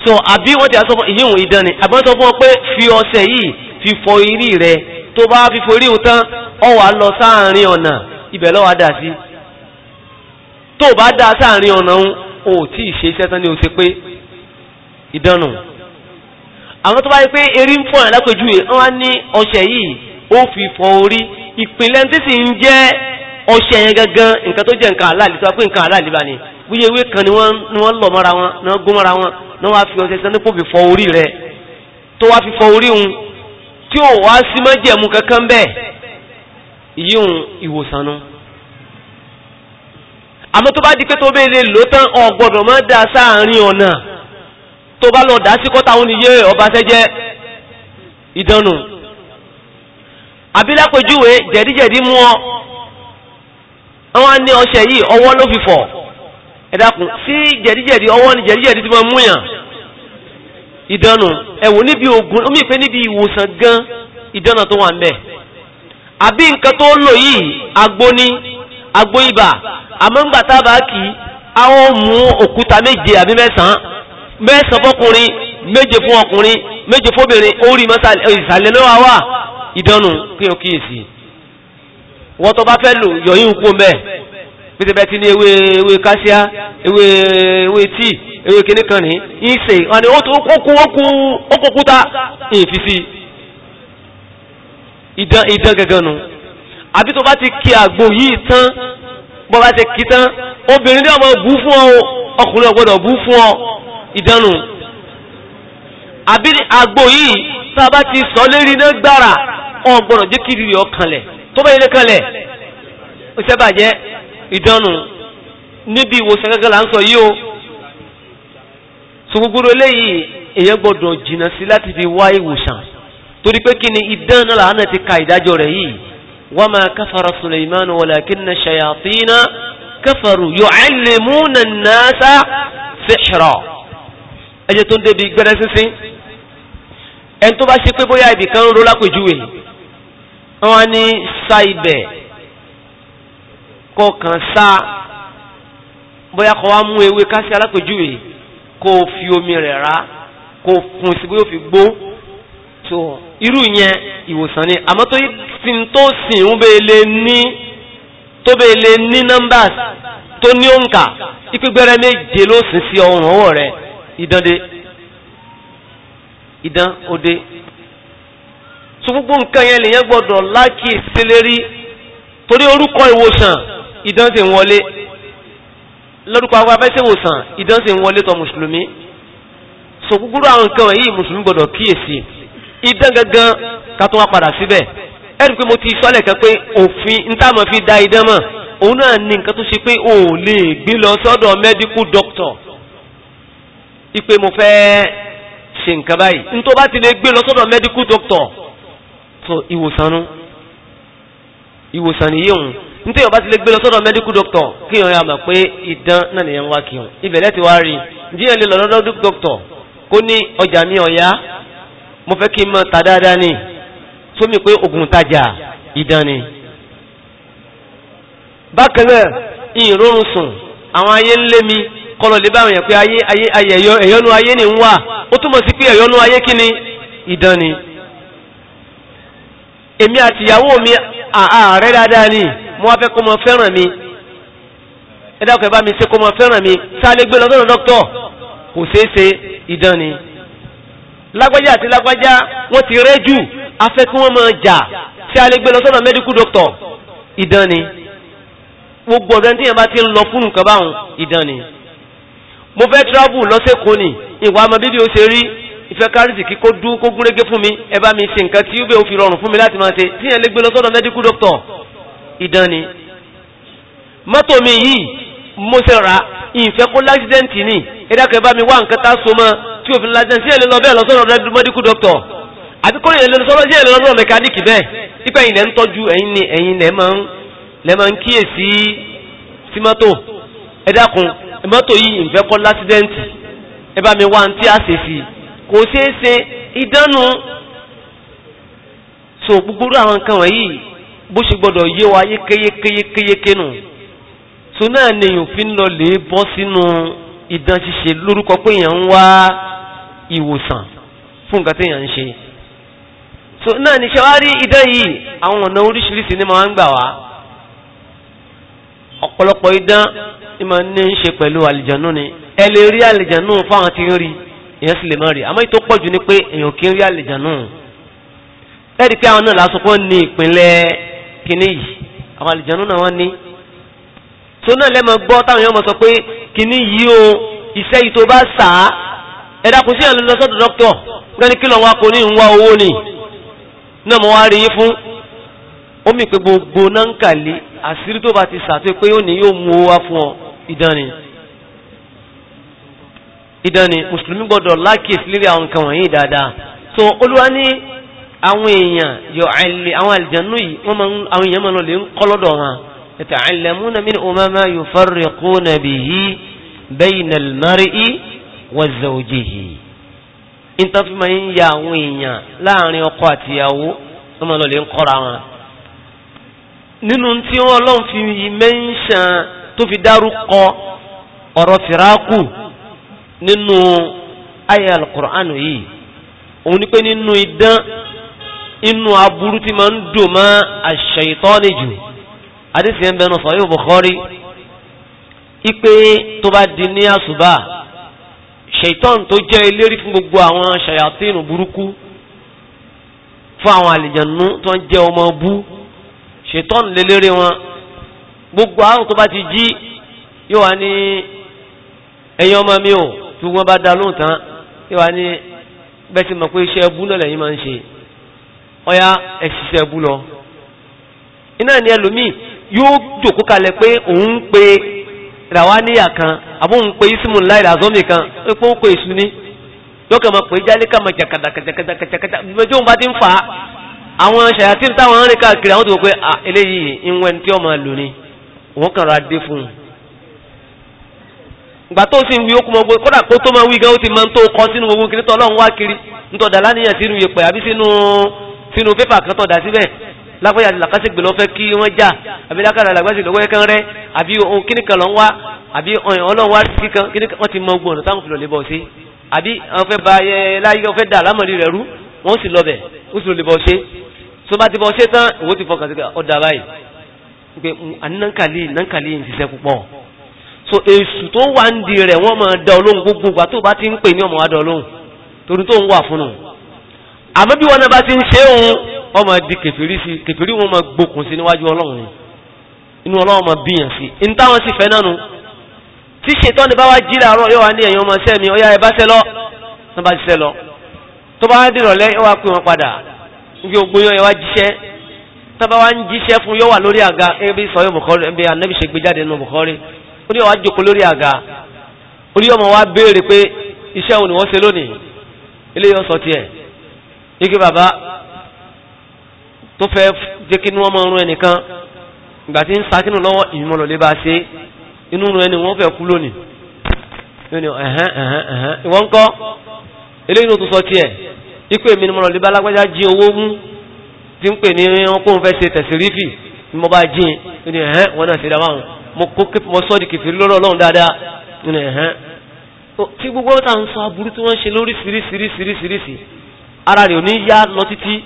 Speaker 1: so àbí wọ́n ti àsọ́fọ́ ìyíhùn ìdán ni àbí wọ́n sọ fún ọ pé fi ọṣẹ yìí fi fọ irí rẹ tó bá fi forí ìhùn tán ọ lọ sáàrin ọ̀nà ibẹ̀ lọ́wọ́ dà sí tó bá dá sáàrin ọ̀nà ń ò tí ì ṣe iṣẹ́ tán ni ó ṣe pé ìdánù àwọn tó bá yẹ pé erí ń fọ ẹ̀ lápẹjú yìí wọ́n á ní ọṣẹ yìí ó fi fọ orí ìpínlẹ̀ tí sì ń jẹ́ ọṣẹ yẹn gangan nǹkan tó jẹ́ nǹkan aláàlì tó wá pé nǹkan aláàlì bá ni bóyá ewé kan ni wọ́n lọ mọ́ra wọn ni wọ́n gún mọ́ra wọn ni wọ́n á fi ọṣẹ sẹ́ni kó fi fọ orí rẹ̀ tó wá fi fọ orí òun tí ò wá sí májẹ̀mú kankan bẹ́ẹ̀ yíyún ìwòsàn nu àmọ́ tó bá di pé tó bẹ́ẹ̀ lè lò tán o gbọ́dọ̀ máa dá ọ̀nà tó bá lọ dá sí kọ́ta òun ni yé ọba sẹ́jẹ́ ìdánù àbílápẹ̀júwe jẹ̀díjẹ̀dí mú ọ àwọn á ní ọṣẹ yìí ọwọ́ ló fi fọ̀ ẹ dákun sí jẹ̀díjẹ̀dí ọwọ́ ni jẹ̀díjẹ̀dí ti máa mú yàn ìdánù ẹ̀wò níbi ogun omi ìpé níbi ìwòsàn gan ìdánù tó wà ń bẹ̀ àbí nǹkan tó lò yìí agbo ní agbo ibà àmọ́ngbà tábà kì í àwọn mú òkúta méje àbí mẹ́sàn-án mẹ́sàn-án fọkùnrin méje fún ọkùnrin méje fóbìnrin orí ìsàlẹ̀ lọ́wọ́ wà ìdánù kí o kíyèsí wọ́n tó bá fẹ́ lò yọ̀yìn kú mẹ́ẹ̀ bí tẹ́bẹ́ ti ní ewé ewé káṣíá ewé ewé tí ewé kìíní kan ní ìṣe ọ̀nà ó tó kókókúta ìfisí ìdán ìdán gẹ́gẹ́ nu àbí tó bá ti kí àgbò yìí tán bọ́ bá ti kí tán obìnrin ní ọmọ bú fún ọ ọkùnrin ọgbọ́dọ̀ bú fún ọ ìdánù àbí àgbò yìí tá a bá ti sọ lérí náà gbára ọgbọ́dọ̀ jẹ́ kí rírì ọkànlẹ̀ tó bá yẹ lẹ́kànlẹ̀ ó ṣẹ́ bàjẹ́ ìdánù níbi ìwòsàn gẹ́gẹ́ là ń sọ yìí o so gbogbo eléyìí èyàn gbọ́dọ̀ jìnnà sí láti fi wá ìwòsàn torí pé kí ni ìdán náà làánà ti ka ìdájọ́ rẹ̀ yìí wa ma kafara Sulaiman walakinna shayatina kafaru yu'allimuna an-nasa sihra ẹjẹ tó ń débi gbẹ́rẹ́ sínsín ẹni tó bá ṣe pé bóyá ibìkan ń ro lápèjúwe wọn ni sa kọkàn sá bóyá kọ wá mú ewé kásí alápèjúwe kó fi omi rẹ̀ rá kó fún sí bóyá fi gbó tó irú yẹn ìwòsàn ni àmọ́ tó sì ń tó sìn ń bẹ́ẹ̀ lè ní tó bẹ́ẹ̀ lè ní nọ́mbàs tó ní òǹkà ìpígbẹ́rẹ́ méje ló sìn sí ọrùn ọwọ́ rẹ̀ ìdánde ìdán òde tó gbogbo nǹkan yẹn lèyẹn gbọ́dọ̀ lákìí sílérí torí orúkọ ìwòsàn ìdán sì ń wọlé lórúkọ àwọn afẹ́sẹ̀wòsàn ìdán sì ń wọlé tọ mùsùlùmí so gbogbo àwọn nǹkan yìí mùsùlùmí gbọdọ̀ kíyèsí ìdán gangan ká tún wá padà síbẹ̀ ẹ̀rù pé mo ti sọ́lẹ̀ kan pé òfin ń fi da ìdán mọ̀ òun náà ní nǹkan tó ṣe pé o lè gbé lọ sọ́dọ̀ medical doctor ipe mo fẹ́ ṣe nǹkan báyìí n tó bá ti lè gbé lọ sọ́dọ̀ medical doctor so ìwòsàn nu ìwòsàn nìyí òun nítorí ọba ti lè gbé lọ sọ́dọ̀ medical doctor kí ọ̀rẹ́ àmọ̀ pé ìdán náà nìyẹn wá kí wọn ìbẹ̀rẹ̀ ti wá rí jíyẹ̀ lè lọ lọ́dọ̀ doctor kó ní ọjà mi ọ̀yá mo fẹ́ kí n mọ ta dáadáa ni sómi pé oògùn tajà ìdán ni. bákan náà ìrọ̀rùn sùn àwọn ayé ń lé mi kọlọ̀ lè bá yẹn pé ayé ayé ayé ẹ̀yọ́nú ayé ni ń wà ó túmọ̀ sí pé ẹ̀yọ́nú ayé kí ni ìdán ni. èmi àtìyàwó mi àárẹ̀ dáadáa ni mo wá fẹ́ kó mọ fẹ́ràn mi ẹ dákọ̀ ẹ bá mi ṣe kó mọ fẹ́ràn mi sáálé gbé lọ sọ́dọ̀ dọ́kítọ̀ kò ṣeé ṣe idán ni lágbájá àti lágbájá wọ́n ti rẹ́ jù afẹ́ kí wọ́n máa jà sáálé gbé lọ sọ́dọ̀ mẹ́díkù dọ́kítọ̀ idán ni gbogbo ọ̀dọ́ ẹni tí yẹn bá ti ń lọ fún nǹkan báwọn idán ni mo fẹ́ travel lọ́sẹ̀kọ́ ni ìwà ọmọ bíbí ó ṣe rí ìfẹ́ kárìsì kí kó dún kó gúnrégé fún mi ẹ bá mi ṣe nǹkan tí ó bẹ́ẹ̀ ó fi rọrùn fún mi láti máa ṣe tí yẹn lè gbé lọ sọ́dọ̀ mẹ́díkù dọ́kítọ̀ ìdán ni mọ́tò mi yìí mo ṣe ra ìfẹ́ kó láṣídẹ́ǹtì ni ẹ̀dákẹ́ bá mi wá nǹkan tá a so mọ́ tí òfin láṣídẹ́ǹtì sí ẹ̀lẹ́ lọ bẹ́ẹ̀ lọ́sọ̀rọ̀ mẹ́díkù dọ́kítọ̀ àbí kó lè lọ́sọ̀rọ̀ sí ẹ̀lẹ́ lọ́sọ̀rọ̀ mẹkáníìkì bẹ́ẹ̀ ipa ẹ̀yin lẹ́ ń tọ́jú ẹ̀yin ni ẹ̀yin lẹ́ máa ń kíyèsí sí mọ́tò ẹ̀dákun mọ́tò yìí ìfẹ́ kó láṣídẹ́ǹtì ẹ bá mi a ṣe sí bó ṣe gbọ́dọ̀ yé wa yékéyékéyékéyéké nù tó náà ni èèyàn fi ń lọ lè bọ́ sínú ìdán ṣíṣe lórúkọ pé èèyàn ń wá ìwòsàn fún nǹkan téèyàn ń ṣe tó náà ni ṣe wá rí idán yìí àwọn ọ̀nà oríṣiríṣi ni máa ń gbà wá ọ̀pọ̀lọpọ̀ idán ni máa ń ní í ṣe pẹ̀lú àlìjànú ni ẹ lè rí àlìjànú fáwọn tí ń rí èèyàn sì lè má rí àmọ́ èyí pọ̀ jù ni pé èèyàn kì í rí àlìjànú ẹ̀rí pé àwọn náà lásán ní ìpínlẹ̀ kíní yìí àwọn àlìjànú náà wọ́n ní tó náà lẹ́mọ̀ gbọ́ táwọn èèyàn sọ pé kíní yìí o iṣẹ́ yìí bá sà á sí àwọn lọ́sọ̀dọ̀ dọ́kítọ̀ wọ́n ní kílọ̀ wa kò ní owó ni náà mo wá rí yín fún ó mì pé gbogbo náà ń kàlé àṣírí tó bá ti sàtó pé ó ní yóò mú owó wá fún ọ ìdánì ìdánì mùsùlùmí gbọ́dọ̀ lákìsí lérí àwọn nǹkan wọ̀nyí dáadáa so olúwa ní àwọn èèyàn yọ àìlè àwọn àlìjànú yìí wọ́n máa ń àwọn èèyàn máa lọ lè ń kọ́ lọ́dọ̀ wọn yata'allamuna minhu ma yufarriquna bihi bayna al-mar'i wa zawjihi nítorí máa ń ya àwọn èèyàn láàrin ọkọ àtìyàwó wọ́n máa lọ lè ń kọ́ra wọn. nínú tí Ọlọ́run fi mẹ́ńṣán tó fi dárúkọ ọ̀rọ̀ fìràkù nínú àyá al yìí òun ni pé nínú idán inú aburú tí máa ń dùn mọ́ àṣẹ̀yìntọ́ni jù àdìsí ẹ̀ ń bẹnu sọ yóò Bukhari ipe tó bá di ní àṣùbà ṣẹ̀yìntọ́n tó jẹ́ ìlérí fún gbogbo àwọn ṣàyàtìnù burúkú fún àwọn àlìjànú tó ń jẹ́ ọmọ bú ṣẹ̀yìntọ́n lélẹ́rẹ́ wọn gbogbo àwọn tó bá ti jí yóò wá ní ẹ̀yin ọmọ mi ò tí wọ́n bá dá lóhùn tán yóò wá ní bẹ́ẹ̀ ti mọ̀ pé iṣẹ́ bú náà lẹ́yìn máa ń ṣe ọya ẹ̀ṣiṣẹ́ ẹbú lọ iná ni ẹlòmíì yóò jòkó kalẹ̀ pé òun ń pe ràwáníyà kan àbó ń pe ismu ńlá ìràzọ́mì kan ó pé ó pe èṣù ni lọ́kàn máa pè é jálé ká máa jàkàdàkàjàkàjàkàjàkàjà méjì òun bá ti ń fà á àwọn ṣàyàtì táwọn ń rìn káàkiri àwọn tó pé eléyìí ìwọ̀n ẹni tí ó máa lò kó tó máa wí ó ti máa tó kọ sínú gbogbo kiri tọ́lọ́ ń wá kiri nítọ̀dà láníyàn sínú yẹpẹ̀ àbí sínú sínú pépà kan tó dà síbẹ̀ lápẹ́yà làkásìgbè lọ fẹ́ kí wọ́n já àbí lákàrà làgbàsì lọ́wọ́ ẹ̀kan rẹ àbí ohun kíní kan lọ ń wá àbí ọlọ́run wá sí kan kíní kan wọ́n ti mọ ogun ọ̀nà táwọn fìlọ̀ lè bọ̀ sí àbí àwọn fẹ́ ba ẹ láyé wọ́n fẹ́ dà lámọ̀rí rẹ̀ rú wọ́n sì lọ́bẹ̀ ó sì lè bọ̀ ṣe tó bá ti bọ̀ ṣe tán òwò ti fọkàn sí ọ̀dà báyìí pé ànínáǹkàlì náǹkàlì ń ṣiṣẹ́ púpọ̀ so èṣù tó wà ń di rẹ̀ wọ́n máa da olóhùn gbogbo ìgbà tó bá ti ń pè ní ọmọ wa da olóhùn torí tó ń wà fún un àmọ́ bí wọn náà bá ti ń ṣe òun ọmọ di kẹfìrí sí kẹfìrí wọn máa gbókun sí níwájú ọlọ́run inú ọlọ́run máa bíyàn sí in táwọn sì fẹ́ nánu tí ṣètọ́ ni bá wá jí làárọ̀ yóò wá ní ẹ̀yìn ọmọ sẹ́mi ọyá ẹ bá ṣẹ́ lọ tó bá ṣiṣẹ́ lọ tó bá dìrọ̀ lẹ́ yóò wá pè wọn padà níbi ogun yóò wá jíṣẹ́ tó bá wá ń jíṣẹ́ fún yóò wà lórí àga ẹbí sọ̀rọ̀ Bukhari ẹbí anabi ni wọ́n ṣe lónìí ike baba, tó fẹ́ jẹ́ kí wọ́n máa rún ẹnìkan ìgbà tí ń sakínú lọ́wọ́ ìmọ̀lọ̀lẹ́ bá ṣe inú rún ẹni wọ́n fẹ́ kú lónìí ìwọ́n ń kọ́ eléyìí ló tún sọ tiẹ̀ ikú èmi ni mọ̀lọ̀lẹ́ bá lágbájá jí owó mú tí ń pè ní ọkùnrin fẹ́ ṣe tẹ̀sírífì ni mo bá jí ní ẹ̀hẹ́n wọn náà ṣe dáwà wọn ara rẹ̀ ò ní yá lọ títí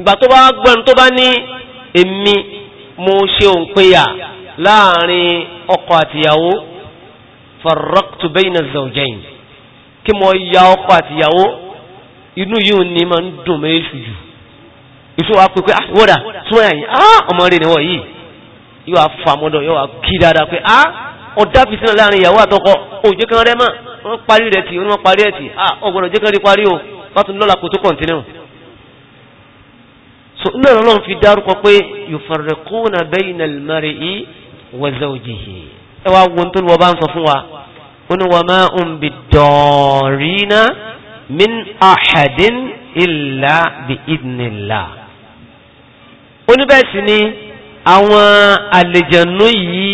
Speaker 1: ìgbà tó bá gbọ́n tó bá ní èmi mo ṣe òǹpẹ̀yà láàrin ọkọ àtìyàwó farraqtu bayna zawjayn kí mo ya ọkọ àtìyàwó inú yóò ní ma ń dùn méjì jù ìṣó wa pípẹ́ ah, wọ́dà súnmọ́ yàyìn ah ọmọ rẹ̀ níwọ̀ yìí yóò wá fa mọ́dọ̀ yóò wá kí dáadáa pé ah ọ̀dà fi sínú láàrin ìyàwó àtọkọ òjò kan rẹ̀ mọ́ wọ́n parí rẹ̀ tì wọ́n parí rẹ̀ tì ah ọgbọ̀dọ̀ jẹ́ kan rí parí o wọ́n tún lọ́la kò tó kọ̀ntínú so iná ọlọ́run fi dárúkọ pé yufarriquna bayna al-mar'i wa zawjihi ẹ wá wo tó lọ bá ń sọ fún wa ó ní wa ma hum biddarrina min ahadin illa bi idhnillah ó ni àwọn àlejànú yìí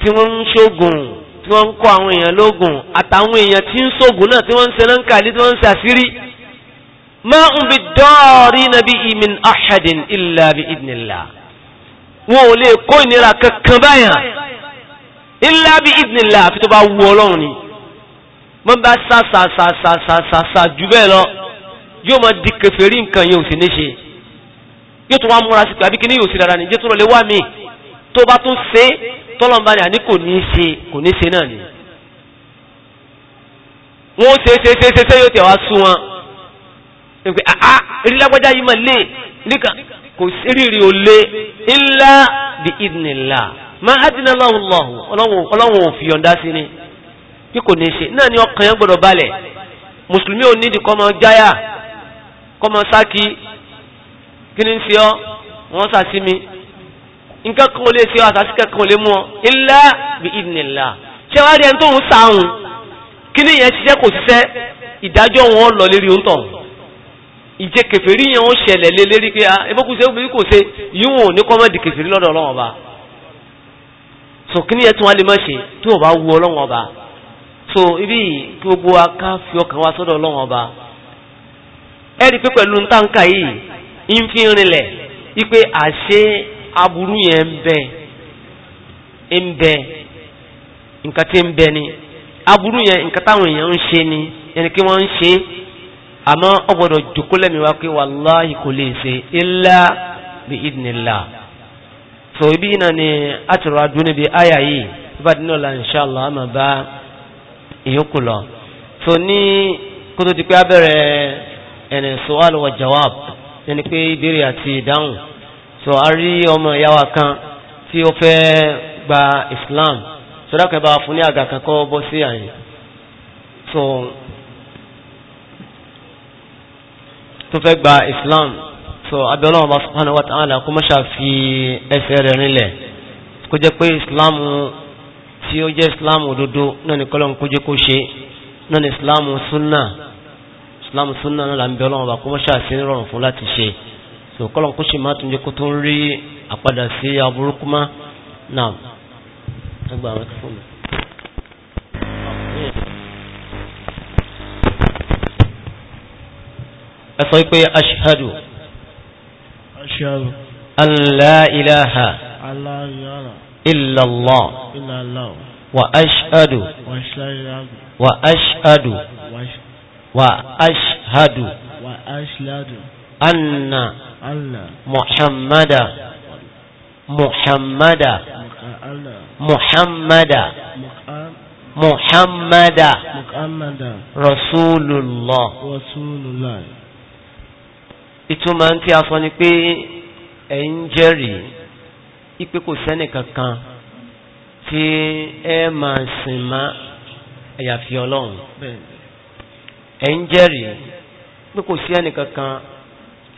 Speaker 1: tí wọ́n ń ṣógun tí wọ́n ń kọ́ àwọn èèyàn lóògùn àtàwọn èèyàn tí ń ṣògùn náà tí wọ́n ń ṣe lọ́nkà ní tí wọ́n ń ṣe àṣírí ma ń bi dọ́ọ̀rí nàbí min ahadin illa bi idnillah wọn ò lè kó ìnira kankan báyàn illa bi idnillah àfi tó bá wù ọlọ́run ni wọ́n bá sá sá sá sá sá sá sá jù bẹ́ẹ̀ lọ yóò máa di kèfèrí nǹkan yóò sì níṣe yóò tún wá múra sí pé àbíkí ní yóò sì rárá ni jẹ́ tó lọ lè wá mi tó bá tún ṣe é tọ́lọ̀mbá ni àní kò ní ṣe kò ní ṣe náà ni wọ́n ṣe ṣe ṣe ṣe ṣe yóò tẹ̀ wá sú wọn pé àá ah, ah, eré lágbájá yìí mà lé nìkan kò sí rírì ò lé illa bi idnillah ma adina lọ́wọ́lọ́wọ́ ọlọ́wọ́ òfin yọ̀ǹda sí ni bí kò ní ṣe náà ni ọkàn yẹn gbọ́dọ̀ balẹ̀ mùsùlùmí ò nídìí kọ́ mọ jáyà kọ́ mọ sákì kí ni ń ṣe ọ́ wọ́n sàṣí mi nǹkan kan lè ṣe àṣàṣì kankan lè mú ọ illa bi idnillah ṣé wàá rí ẹni tó ń sàrùn kí ni ìyẹn ṣiṣẹ́ kò ṣiṣẹ́ ìdájọ́ wọn lọ lérí oúntọ̀ ìjẹ kẹfẹ́rí yẹn ń ṣẹlẹ̀ lé lérí pé a ìbókùsẹ́ obìnrin kò ṣe yíwọ̀n ní kọ́mẹ́dì kẹfẹ́rí lọ́dọ̀ ọlọ́wọ́n ọba so kí ni ẹ̀tún wa lè má ṣe tí wọ́n bá wu ọlọ́wọ́n ọba so ibi kí gbogbo wa ká fi ọkàn wa sọ́dọ̀ ọlọ́wọ́n ọba ẹ̀rí pé aburu yẹn ń bẹ ń bẹ ń bẹ ni aburu yẹn nkata táwọn èèyàn ń ṣe ni yẹn kí ń ṣe pé kò lè ṣe bi so ibi iná ni a ti rọ̀ bi àyà yìí bí ba dínà ọ̀la so ní kótó ti pé abẹ́rẹ́ wa jawab yẹn ni pé ìbéèrè àti ìdáhùn. so a rí ọmọ ìyáwá kan tí ó fẹ́ gba islam so dákẹ́ bá fún ní àga kankan bọ́ sí àyè so tó fẹ́ gba islam so abẹ́ọ́lọ́wọ́ bá subhanahu wa ta'ala kó mọ́ṣà fi ẹsẹ̀ rẹ̀ rinlẹ̀ kó jẹ́ pé islam tí ó jẹ́ islam òdodo náà ní kọ́lọ́n kó jẹ́ kó ṣe náà ní islam sunna islam sunna náà la ń bẹ́ọ́lọ́wọ́ bá kó mọ́ṣà sí rọrùn fún láti ṣe so kọ́lọ̀n kó ṣe máa tún jẹ́ kó tó ń rí àpadà sí aburúkú má náà ẹgbà mẹ́kífóònù. ẹ sọ aṣíhádù an la ilaha illallah wa aṣíhádù wa aṣíhádù wa aṣíhádù anna محمدا محمدا محمدا محمدا رسول الله رسول الله ìtumọ̀ tí a sọ ni pé ẹ ń jẹ́rìí ipe kò sẹ́nì kankan tí ẹ máa sìn má àyàfi ọlọ́run ẹ ń jẹ́rìí pé kò kankan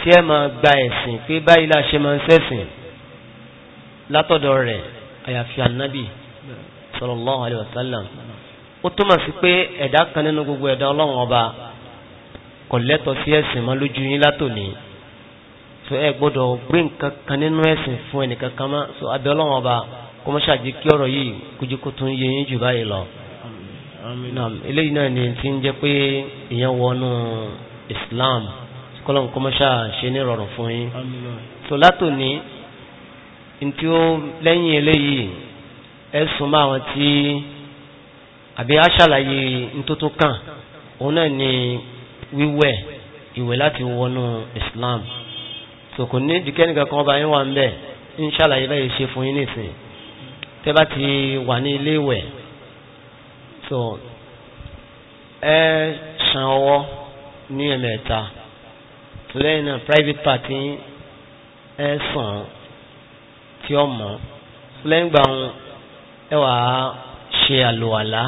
Speaker 1: tí ẹ máa gba ẹ̀sìn pé báyìí la ṣe máa ń sẹ́sìn látọ̀dọ̀ rẹ̀ àyàfi ànábì sallallahu alayhi wasallam sallam ó túmọ̀ sí pé ẹ̀dá kan nínú gbogbo ẹ̀dá ọlọ́run ọba kò lẹ́tọ̀ sí ẹ̀sìn mọ́ lójú yín látòní so ẹ gbọ́dọ̀ gbé nǹkan kan nínú ẹ̀sìn fún ẹnìkan kan mọ́ so abẹ́ ọlọ́run ọba kó mọ́ ṣàjẹ́ kí ọ̀rọ̀ yìí kójú kó tún yé yín jù báyìí lọ. eléyìí náà ni ti ń jẹ́ pé ìyẹn wọnú Islam kọ́lọ́n kọ́mọ́ṣà ṣe ní rọrùn fún yín tó látò ní tí ó lẹ́yìn eléyìí ẹ̀sùn máa wọn tí àbí aṣàlàyé ntótó kàn òun náà ni wíwẹ̀ ìwẹ̀ láti wọnú Islam tó kò ní dìkẹ́nìkan kan ọba yín wà ń bẹ̀ ń ṣàlàyé báyìí ṣe fún yín nìsín tẹ́ bá ti wà ní ilé so ẹ ṣan ọwọ́ ní ẹ̀mẹ̀ta lẹ́yìn náà private party ẹ sàn tí ó mọ̀ lẹ́yìn gbà ń ẹ wà á ṣe àlùwàlá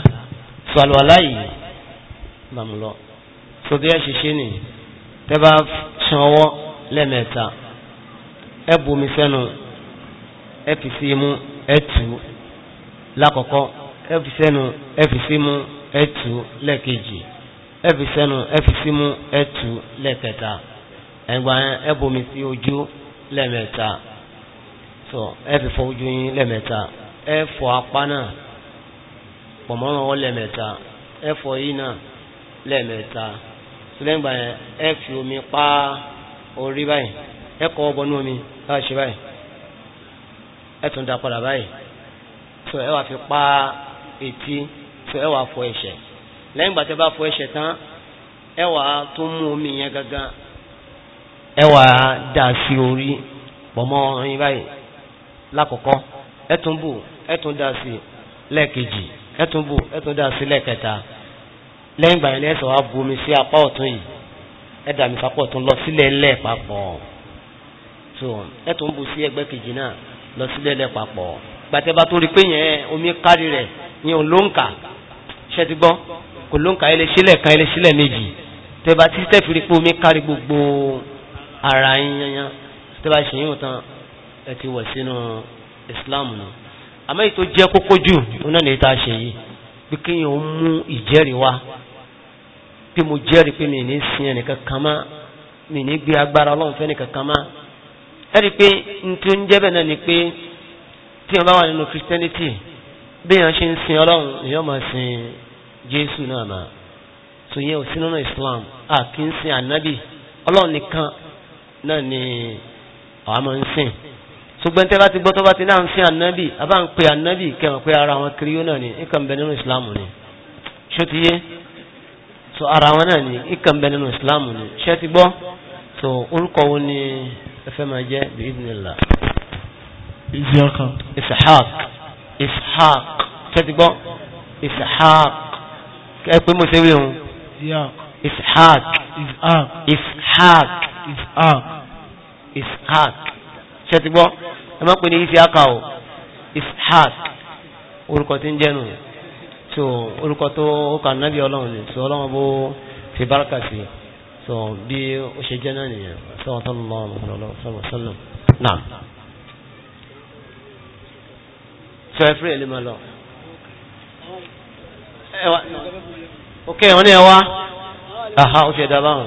Speaker 1: sọ àlùwàlá yìí màmú lọ sọ bí ẹ ṣe ṣe nìyí tẹ́ bá ṣan ọwọ́ lẹ́ẹ̀mẹ́ta ẹ bomi sẹ́nu ẹ fi sí imú ẹ tù ú lákọ̀ọ́kọ́ ẹ fi sẹ́nu ẹ fi sí imú ẹ tù ú lẹ́ẹ̀kejì ẹ fi sẹ́nu ẹ fi sí imú ẹ tù ú lẹ́ẹ̀kẹta ẹgbà ẹbomi sí ojú lẹ́ẹ̀mẹ́ta so ẹ fi fọ ojú yín lẹ́ẹ̀mẹ́ta ẹ fọ apá náà pọ̀mọ́ràn wọn lẹ́ẹ̀mẹ́ta ẹ fọ náà lẹ́ẹ̀mẹ́ta so lẹ́gbà yẹn ẹ fi omi pa orí báyìí ẹ kọ́ ọbọ ní omi báyìí ṣe báyìí ẹ da padà báyìí so ẹ wà fi pa etí so ẹ wà fọ ẹsẹ̀ lẹ́yìn gbàtẹ́ bá fọ ẹsẹ̀ tán ẹ wà tún mú omi yẹn gangan ẹwà dà sí orí pọ̀mọ́ ọ̀rin báyìí lákọ̀ọ́kọ́ ẹtún bù ẹtún dà sí lẹ́ẹ̀kejì ẹtún bù ẹtún dà sí lẹ́ẹ̀kẹta lẹ́yìn ìgbà yẹn ni ẹsẹ̀ wa bu omi sí apá ọ̀tún yìí ẹ̀dà mi sapọ̀ ọ̀tún lọ sílẹ̀ lẹ̀ papọ̀ so ẹtún bù sí ẹgbẹ́ kejì náà lọ sílẹ̀ lẹ̀ papọ̀ gbàtẹ́ bá tó rí pé yẹn omi kárí rẹ̀ yẹn ò ló ń kà ṣe ti gbọ́ kò ló ń kà ẹlẹ́sílẹ̀ kan ẹlẹ́sílẹ̀ méjì tẹ́ tí tẹ́ rí pé omi kárí gbogbo ara yín yanyan tó bá ṣe yín tán ẹ ti wọ̀ sínú Islam náà àmọ́ èyí tó jẹ́ kókó jù náà ní ta ṣe yìí bí kí yín ó mú ìjẹ́rìí wá pé mo jẹ́rìí pé mi ní sin ẹnìkan mi ní gbé agbára ọlọ́run fẹ́ nìkan Christianity bí wọ́n ṣe ń sin ọlọ́run èèyàn máa sin Islam a kì í sin ànábì náà ni àwọn máa ń sìn ṣùgbọ́n tẹ́ bá ti gbọ́ tó bá ti náà ń sìn ànábì àbá ń pe ànábì kẹwọ́n pé ara wọn kiri náà ni ìkànnì bẹ nínú ìsìláàmù ni ṣó ti yé so ara wọn náà ni ìkànnì bẹ nínú ìsìláàmù ni ṣé ti gbọ́ so orúkọ wo ni ẹ fẹ́ máa jẹ́ bí ìdìnnìlá. ishaq ishaq ṣé ti gbọ́ ishaq ẹ pé mo ṣe wí òun ishaq ishaq ishaq ishaq ishaq ṣẹ́tìgbọ́ ẹ má pè ní ishaq o ishaq orúkọ tí ń jẹ́nu so orúkọ tó kà nábì ọlọ́run ni so ọlọ́run bó fi báràkà sí so bí ó ṣe jẹ́ náà nìyẹn sọ́wọ́n tó lọ́ ọ̀rọ̀ sọ́lọ́ náà sọ ẹ
Speaker 4: ok wọ́n ní ẹ wá aha ó
Speaker 1: ṣe dábàá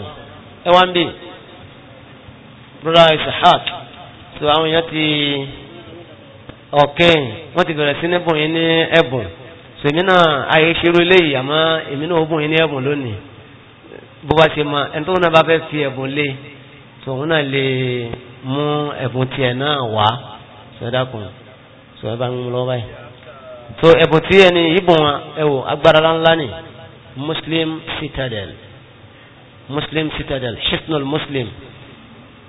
Speaker 1: ẹ ń bè brother Ishaq so àwọn èèyàn ti ọ̀kẹ́yìn wọ́n ti bẹ̀rẹ̀ sí ní bùn yín ní ẹ̀bùn so èmi náà ayé ṣerú eléyìí àmọ́ èmi náà ó bùn yín ní ẹ̀bùn lónìí bó bá ṣe máa ẹni tó náà bá fẹ́ fi ẹ̀bùn lé so òun náà lè mú ẹ̀bùn tiẹ̀ náà wá so ẹ dákun so ẹ bá ń lọ báyìí so ẹ̀bùn tí ẹni ìbùn ẹ̀wò agbára ńlá ni Muslim Citadel Muslim Citadel Hisnul Muslim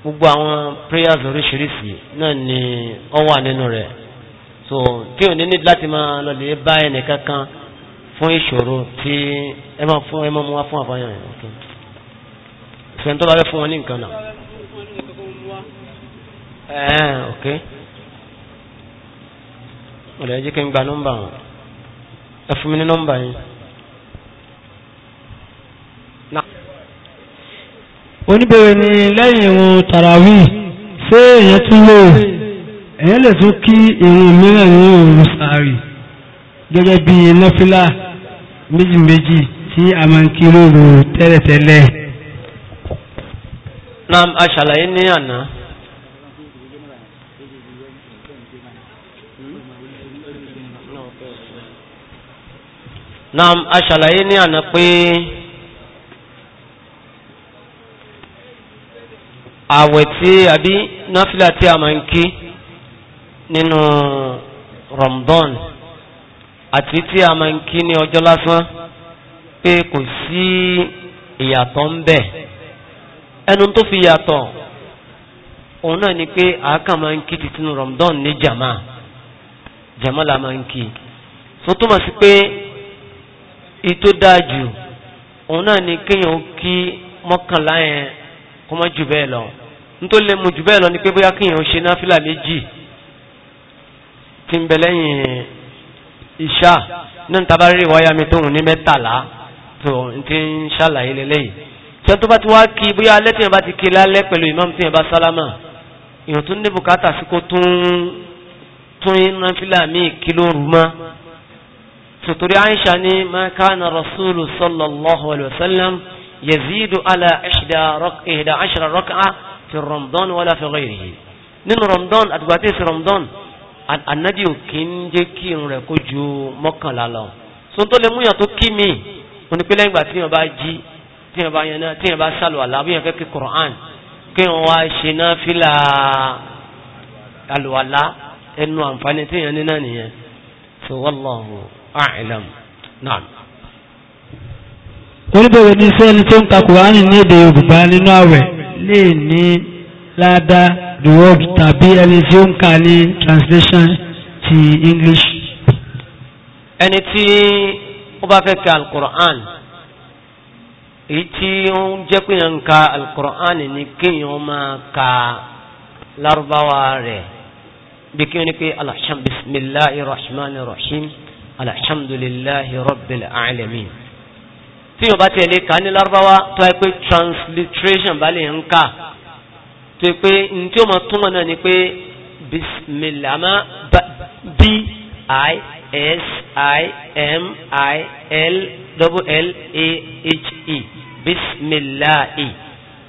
Speaker 1: gbogbo àwọn prayers oríṣiríṣi náà ni ọ wà nínú rẹ̀ so kí o ní ní láti máa lọ lè bá ẹnì kankan fún ìṣòro tí ẹ máa fún ẹ máa mú wá fún àfáyàn ẹ̀ ok ṣe tó bá fẹ́ fún wọn ní nǹkan náà ẹ̀ẹ́n ok ọ̀lẹ́jì kí n gba nọ́mbà wọn ẹ fún mi ní nọ́mbà yìí
Speaker 2: oníbẹ̀rẹ̀ ni lẹ́yìn ìrun tàràwí ṣé èyàn tún lò èyàn lè tún kí ìrun mìíràn ní òru sàárì gẹ́gẹ́ bí nọ́fílà méjìméjì tí a máa ń kí lóru tẹ́lẹ̀tẹ́lẹ̀
Speaker 1: nam aṣàlàyé ní àná nam aṣàlàyé ní àná pé àwẹ̀ tí àbí náfìlà tí a máa ń kí nínú Ramadan àti tí a máa ń kí ní ọjọ́ lásán pé kò sí ìyàtọ̀ ń bẹ ẹnu tó fi yàtọ̀ òun náà ni pé àákà máa ń kí tìtínú Ramadan ní jama jama la máa ń kí so túmọ̀ sí pé ìtò dájú òun náà ni kéèyàn kí mọ́kànlá yẹn kó bẹ́ẹ̀ lọ nítorí lè mu jù bẹ́ẹ̀ lọ ni pé bóyá kíyàn ṣe náfìlà méjì tí ń bẹ lẹ́yìn ìṣá náà tàbá rí ìwáyà mi tóhun ní mẹ́tàlá tó ti ń ṣàlàyé lélẹ́yìn tí wọ́n tó bá ti wá kí bóyá alẹ́ tí wọ́n bá ti kí lálẹ́ pẹ̀lú ìmáàmù tí wọ́n bá sálámà èèyàn tó fi Ramadan wala fi ghayrihi nínú Ramadan àtìgbà tí èsì Ramadan ànábì ò kí ń jẹ́ kí irun rẹ̀ kó ju mọ́kànlá lọ so tó lè múyàn tó kí mi mo ní pé lẹ́yìn ìgbà tí yàn bá jí tí yàn bá yàn náà tí yàn bá sálò àlá bí yàn fẹ́ kí Qur'an kí yàn wá ṣe náà fílà àlùwàlá ẹnu àǹfààní tí yàn ní náà nìyẹn so wallahu a'lam naam
Speaker 2: oníbẹ̀rẹ̀ ní sẹ́ni tó ń ka kùránì ní èdè Yorùbá nínú àwẹ̀ lè ní ládá word tàbí ẹni tí ó ń kà ní translation ti English.
Speaker 1: ẹni tí ó bá fẹ́ ka alukur'an èyí tí ó ń jẹ́ pé yẹn ń ka alukur'an ni kéèyàn máa ka lárúbáwá rẹ̀ bí kí wọ́n pé alhamdulilayi rahman rahim alhamdulilayi rabbil alamin tí yóò bá tiẹ̀ lè kà ní lárúbáwá tó yẹ pé transliteration bá lè ń kà tó yẹ pé ní tí ó máa túmọ̀ náà ni pé bisimilama b i s i m i l double l a h e bisimilahi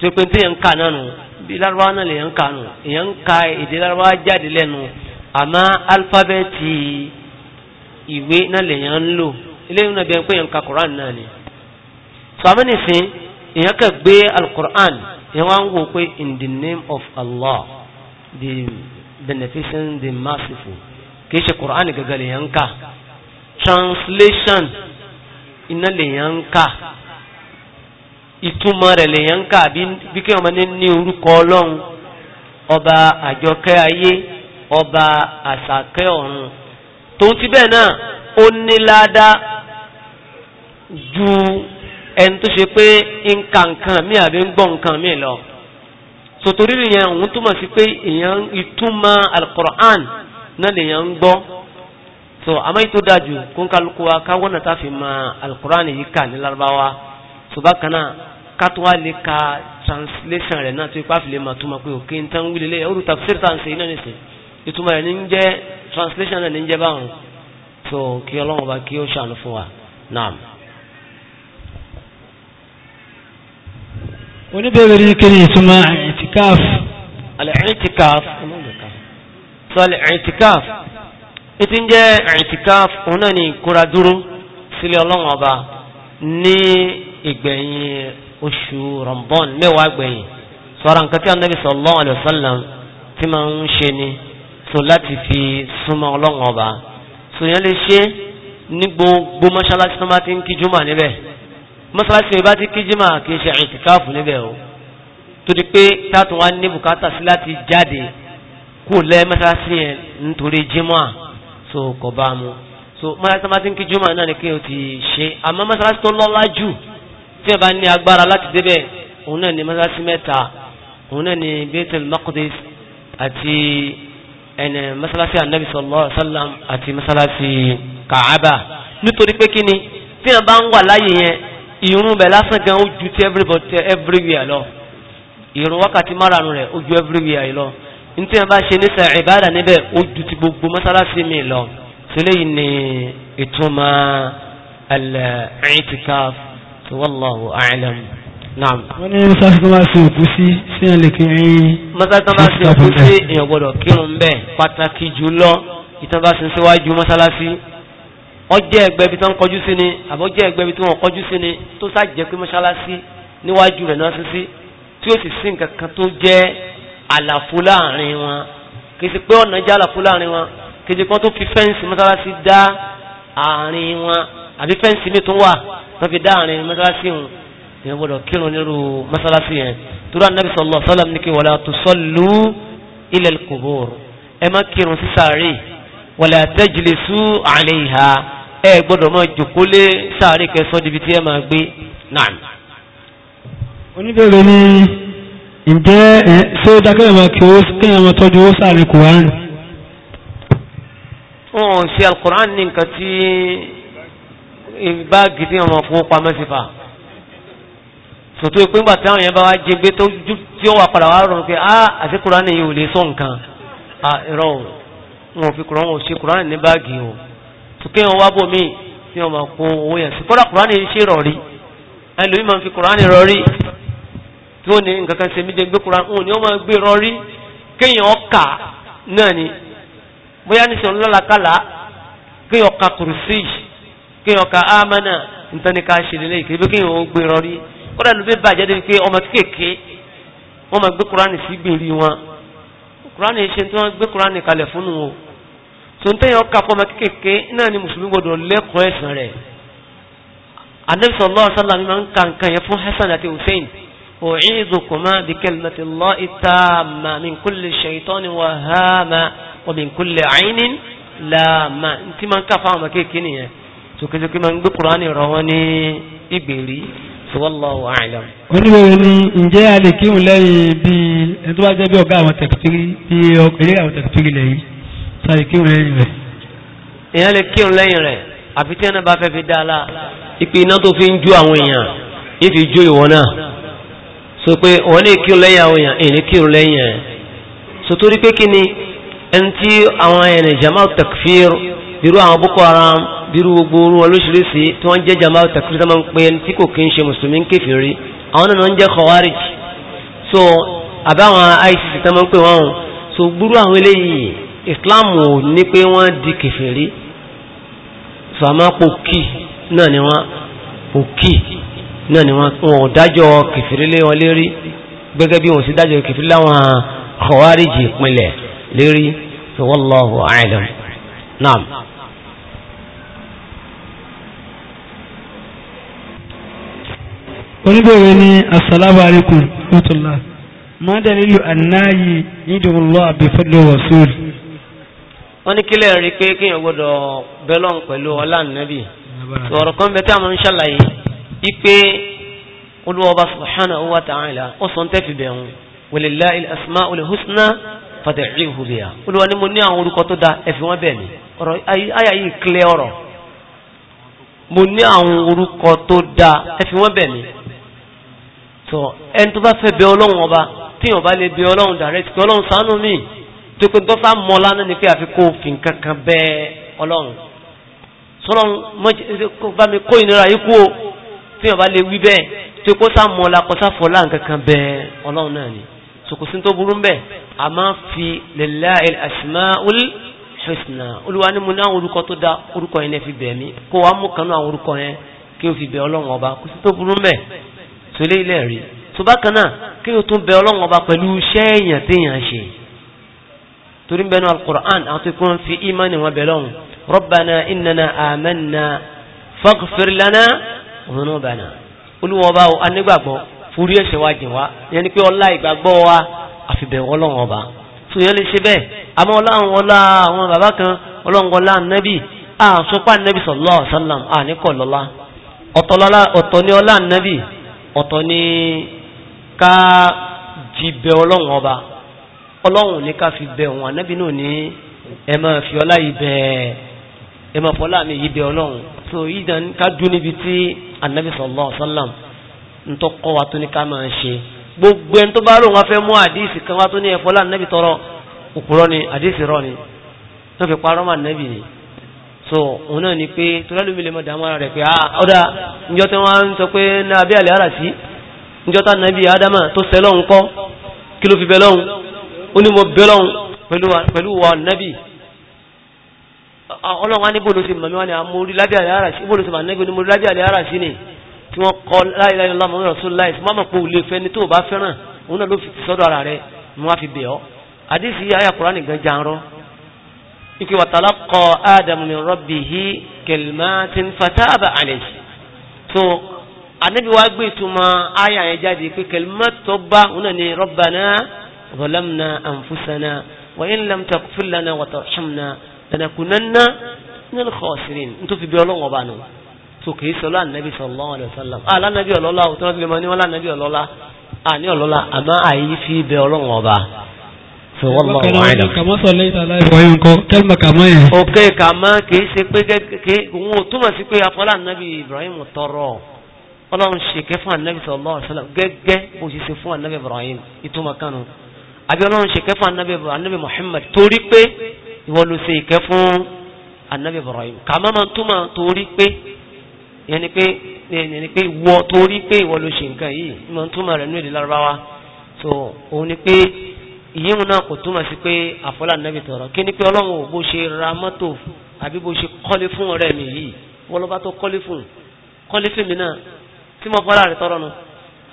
Speaker 1: tó yẹ pé tí yẹn ń kà náà nù bí lárúbáwá náà lè yẹn ń kà nù yẹn ń ka èdè lárúbáwá jáde lẹ́nu àmọ́ alifábẹ́ẹ̀tì ìwé náà lè yẹn ń lò eléyìí náà bí yẹn pè yẹn ń ka koran náà ni sàmìnìsìn èèyàn kẹ́ gbé alukur'an èèyàn wá ń wò pé in the name of Allah the beneficent the merciful kì í ṣe kur'an gẹ́gẹ́ lèèyàn ń kà translation iná lèèyàn ń kà ìtumọ̀ rẹ̀ lèèyàn ń kà bí kí wọ́n ní ní orúkọ ọlọ́run ọba àjọkẹ́ ayé ọba àṣàkẹ́ ọ̀run tòun ti bẹ́ẹ̀ náà ó ní ládàá ju ẹni tó ṣe pé nǹkan nǹkan mi àbí ń gbọ́ nǹkan mi lọ sòtòrí nìyẹn òun túmọ̀ sí pé èèyàn ìtumọ̀ alukoran náà lèèyàn ń gbọ́ so àmọ́ ètò dájú kó ń kálukú wa káwọn náà tá fi mọ alukoran yìí kà ní larabawa ṣùgbọ́n kan náà kátó wá lè ka translation rẹ̀ náà tó ipá fi lè máa túmọ̀ pé òkè ń tán wílé lẹ́yìn orúkọ tafsir tá ń ṣe iná nìṣẹ́ ìtumọ̀ rẹ̀ ní ń jẹ́ translation náà ní ń jẹ́ báwọn so kí ọlọ́run bá kí ó ṣàánú fún wa naam. oníbẹ̀rẹ̀ ní kí ni ìtumọ̀ ìtìkáf alẹ́ìtìkáf so alẹ́ìtìkáf ìtí ń jẹ́ ìtìkáf òun náà ni ìkóra dúró sílé ọlọ́run ọba ní ìgbẹ̀yìn oṣù rọ̀mbọ́n mẹ́wàá gbẹ̀yìn sọ́ra nǹkan tí anábì sallallahu alaihi wasallam tí máa ń ṣe ni so láti fi súnmọ́ ọlọ́run ọba so yẹn lè ṣe ní gbogbo mọ́ṣáláṣí tó máa ti ń kí jùmọ̀ níbẹ̀ mọ́sálásí mi bá ti kíjímà kì í ṣe ìtìkáàfù níbẹ̀ o tó di pé tátù wá ní bùkátà sí láti jáde kú lẹ́ mọ́sálásí yẹn nítorí jímà so kò bá mu so mọ́sálásí máa ti ń kíjímà sallallahu alaihi wasallam àti mọ́sálásí Kaaba nítorí pé kíni tí ẹ bá ń wà láyé yẹn ìrun bẹ̀ lásán gan ó ju ti everywhere lọ ìrun wákàtí márùn rẹ̀ ó everywhere lọ nítorí wọn bá ṣe nísà ìbáàdà níbẹ̀ ó ju ti gbogbo mọ́sálásí mi lọ sílẹ̀ yìí ni ìtumọ̀ al-i'tikaf tó wallahu a'lam naam. wọ́n
Speaker 2: ní mọ́sálásí tó máa ṣe òkú sí sí ẹ̀ lè kí ẹ̀yìn.
Speaker 1: mọ́sálásí tó máa ṣe òkú mọ́sálásí ọjẹ́ ẹgbẹ́ ibi tó ń kọjú sí ni àbọ̀jẹ́ ẹgbẹ́ ibi tí wọ́n kọjú sí ni tó sáàjẹ́ pé mọ́ṣáláṣí níwájú rẹ̀ náà sísí tí ó sì sí nǹkan kan tó jẹ́ àlàfo láàrin wọn kì í ṣe pé ọ̀nà jẹ́ àlàfo láàrin wọn kì í ṣe pé wọ́n tó fi fẹ́ǹsì mọ́ṣáláṣí dá àárín wọn àbí fẹ́ǹsì mi tó wà tó fi dá àárín mọ́ṣáláṣí wọn ìyẹn gbọ́dọ̀ kírun nírú mọ́ṣáláṣí yẹn tura nabi ẹ gbọ́dọ̀ máa jòkó lé sáré kẹsọ́ débi tí ẹ máa gbé náà.
Speaker 2: oníbẹ̀rẹ̀ ni ǹjẹ́ ṣé ó dá kéèyàn máa kí ó kéèyàn máa tọ́jú ó sáré kùránì.
Speaker 1: wọn ò ṣe alukur'an ní nǹkan tí báàgì tí wọn fowó pamọ́ sí fa sòtú ìpínpà tí àwọn yẹn bá wá jẹ gbé tó tí ó wà padà wá rọrùn pé ah àti kùránì yìí ò lè sọ nǹkan ah irọ́ wọn ò fi kùránì ò ṣe kùránì ní báàgì o tukẹ́ wọn wá bò mí tí wọ́n máa kó owó yẹn sí kọ́dà kùránì ṣe rọ̀rí ẹlòmí máa fi kùránì rọ̀rí tí ó ní nǹkan kan ṣe mí jẹ́ gbé kùránì òun ni wọ́n máa gbé rọ̀rí kéèyàn ọkà náà ni bóyá ní sọ̀rọ̀ lọ́làkàlà kéèyàn ọkà kùrùsì kéèyàn ọkà ámánà ntanika ṣe lélẹ̀ ìkéde kéèyàn ó gbé rọ̀rí kọ́dà ló fẹ́ bàjẹ́ débi pé ọmọ kéèké wọ́n máa gbé kùránì sí gbèrè wọn kùránì ṣe tí wọ́n gbé kùránì kalẹ̀ fún wọn tontẹ́ yẹn ká fọmọ kékèké náà ni mùsùlùmí gbọdọ̀ lẹ́kọ̀ọ́ ẹ̀sìn rẹ̀ anabi sallallahu alaihi wasallam máa ń ka nǹkan yẹn fún hasan àti hussein u'idhukuma bi kalimati llahi tamma min kulli shaytanin wa hama wa min kulli aynin laama ntí máa ń ká fáwọn ọmọ kéèké nìyẹn tòkìtòkì máa ń gbé kuraani rọ wọn ní ìgbèrí wallahu a'lam. oníbẹ̀rẹ̀ ni
Speaker 2: ǹjẹ́ a lè kírun lẹ́yìn bíi ẹni tó bá jẹ́ bí ọ̀gá àwọn tẹ̀kítírì bíi ọkùnrin àwọn tẹ̀kítírì lẹ́yìn sáré kírun lẹ́yìn rẹ̀.
Speaker 1: èèyàn lè kírun lẹ́yìn rẹ̀ àfi tí ẹ̀nà bá fẹ́ fi dá a la ipe iná tó fi ń jó àwọn èèyàn yìí fi jó ìwọ náà so pé òun lè kírun lẹ́yìn àwọn èèyàn èèyàn lè kírun lẹ́yìn ẹ̀ so torí pé kí ni ẹni tí àwọn ẹ̀nì jamal takfir bírú àwọn boko haram bírú gbogbo orú wọn lóṣìṣẹ́ tí wọ́n jẹ́ jamal takfir tó máa ń pè ẹni tí kò kí ń ṣe mùsùlùmí ń kèfèrí àwọn náà ń jẹ́ khawarij so àbáwọn isis tó máa ń pè wọ́n so gbúrú àwọn eléyìí islam ò ní pé wọ́n di kèfèrí sọ̀mọ́ pòkì náà ni wọ́n pòkì náà ni wọ́n ò dájọ́ kèfèrí lé wọn lérí gẹ́gẹ́ bí wọ́n sì dájọ́ kèfèrí láwọn khawariji ìpínlẹ̀ lérí so wallahu a'lam
Speaker 4: naam.
Speaker 2: oníbẹ̀rẹ̀ ni assalamu alaikum wa rahmatullah ma dalilu annayi yidullah bi fadli rasul
Speaker 1: wọ́n ní kílẹ̀ rí pé kí èèyàn gbọ́dọ̀ bẹ́lọ́n pẹ̀lú ọlá nàbì ọ̀rọ̀ kan bẹ́tẹ́ àmọ́ ń ṣàlàyé ipe olúwọba subhanahu wa ta'ala ó sọ ń tẹ́fì bẹ̀rùn walillahi al-asma'ul husna fad'uhu biha olúwa ni mo ní àwọn orúkọ tó da ẹ̀fì wọn bẹ̀ mí ọ̀rọ̀ ayà yìí kílẹ̀ ọ̀rọ̀ mo ní àwọn orúkọ tó da tó pé tó sá mọ́ lánàá ni pé àfi kó òfin kankan bẹ́ẹ̀ ọlọ́run sọ́nà bá mi kó ìnira yìí kú o tí wọ́n bá lè wí bẹ́ẹ̀ tó kó sá mọ́ lakọ sáfọ́ láà kankan bẹ́ẹ̀ ọlọ́run náà ni sòkòsí tó burú bẹ́ẹ̀ a máa fi lillahil asmaul husna olúwa ni mo ní àwọn orúkọ tó dá orúkọ yẹn fi bẹ̀ mí kó wàá mú kanú àwọn orúkọ yẹn kí o fi bẹ̀ ọlọ́run ọba kò sí tó burú bẹ́ẹ̀ tó lé ilé rí tó bá kan náà kí o tún bẹ̀ ọlọ́run ọba pẹ̀lú iṣẹ́ torí bẹ́ẹ̀ ní al-Qur'an àti kí wọ́n fi imani wọn bẹ̀ lọ́hùn Rabbana innana amanna faghfir lana dhunubana olúwọ́ba o anígbàgbọ́ forí ẹ̀ṣẹ̀ wa jìn wá ìyẹn ni pé ọlá ìgbàgbọ́ wa àfibẹ̀ ọlọ́run ọba yẹn lè ṣe bẹ́ẹ̀ àmọ́ ọláhùn ọlá àwọn bàbá kan ọlọ́run ọlọ́run ní ká fi bẹ òun ànábì náà ní ẹ máa fi ọlá yìí bẹ fọlá mi yìí ọlọ́run so yìí dàn ká dún níbi tí ànábì sallallahu alaihi wasallam ń tọ́ kọ́ wa tó ní ká máa ṣe gbogbo ẹni tó bá so òun náà ni pé tọ́lẹ́lùmí lè mọ̀ dàmú ara rẹ̀ pé ọ̀dà ah, níjọ́ tí wọ́n ń sọ pé náà bí kí ló fi bẹ lọ́hùn ó ní mo bẹ́ lọ́hùn pẹ̀lú wa nábì ọlọ́run á ní bóòlù sí mọ̀mí wá ní amórí lábẹ́ àlẹ́ ara sí bóòlù sí màá nẹ́gbẹ́ ní mo lábẹ́ àlẹ́ ara sí ni tí wọ́n kọ́ láìláìlá lọ́mọ ọ̀rọ̀ sún láìsí má mọ̀ pé ò lè fẹ́ ni tó o bá fẹ́ràn so anabi wa gbé ìtumọ̀ àyà yẹn jáde pé kẹlìmá tó ظلمنا أنفسنا وإن لم تغفر لنا وترحمنا لنكونن من الخاسرين انتو في بيولون وبانو tó kìí sọ láà nàbí sallallahu alaihi wasallam àlá nàbí ọlọ́lá òtún wọn fi lè mọ níwọ̀n láà nàbí ọlọ́lá àní ọlọ́lá àmọ́ àyè fi bẹ ọlọ́run ọba. kàmá sọlẹ̀ ìtàlá ìwọ̀nyí nǹkan
Speaker 2: kẹ́lìmọ̀ kàmá yẹn. ok
Speaker 1: kàmá kìí ṣe pé kéèké òun ò túmọ̀ sí pé afọlá nàbí Ibrahim tọrọ ọlọ́run ṣèké fún ànàbí sallallahu alaihi wasallam gẹ́gẹ́ bó ṣe ṣe fún ànàbí Ibrahim ìtumọ̀ kanu àbí ọlọ́run ṣe kẹ́ fún anábì Muhammad torí pé ìwọ ló ṣe ìkẹ́ fún anábì Ibrahim kàmá máa túmọ̀ torí pé yẹni pé yẹni pé wọ torí pé ìwọ ló ṣe nǹkan yìí máa túmọ̀ rẹ̀ ní èdè so òun ni pé ìyíhun náà kò túmọ̀ sí pé àfọlá anábì tọ̀rọ̀ kí ni pé ọlọ́run ò bó ṣe ra mọ́tò àbí bó ṣe kọ́lé fún ọ̀rẹ́ mi yìí wọ́n ló tó kọ́lé fún kọ́lé fún mi náà tí mo fọ́lá rẹ̀ tọ̀rọ̀ nù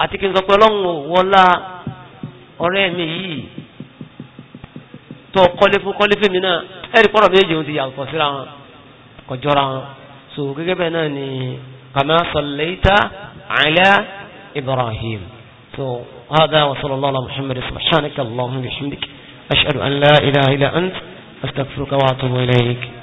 Speaker 1: àti kí n sọ pé ọlọ́run ò wọlá ọ̀rẹ́ mi yìí tó kọ́lé fún kọ́lé fún mi náà ẹ̀rí pọ́rọ̀ méjì ohun ti yà ọ̀fọ́ síra wọn kọjọ́ra wọn so gẹ́gẹ́ bẹ́ẹ̀ náà ni kama sọlẹ́ta ala ibrahim so hada wa sallallahu ala muhammad subhanaka allahumma bihamdik ashhadu an la ilaha illa ant astaghfiruka wa atubu ilayk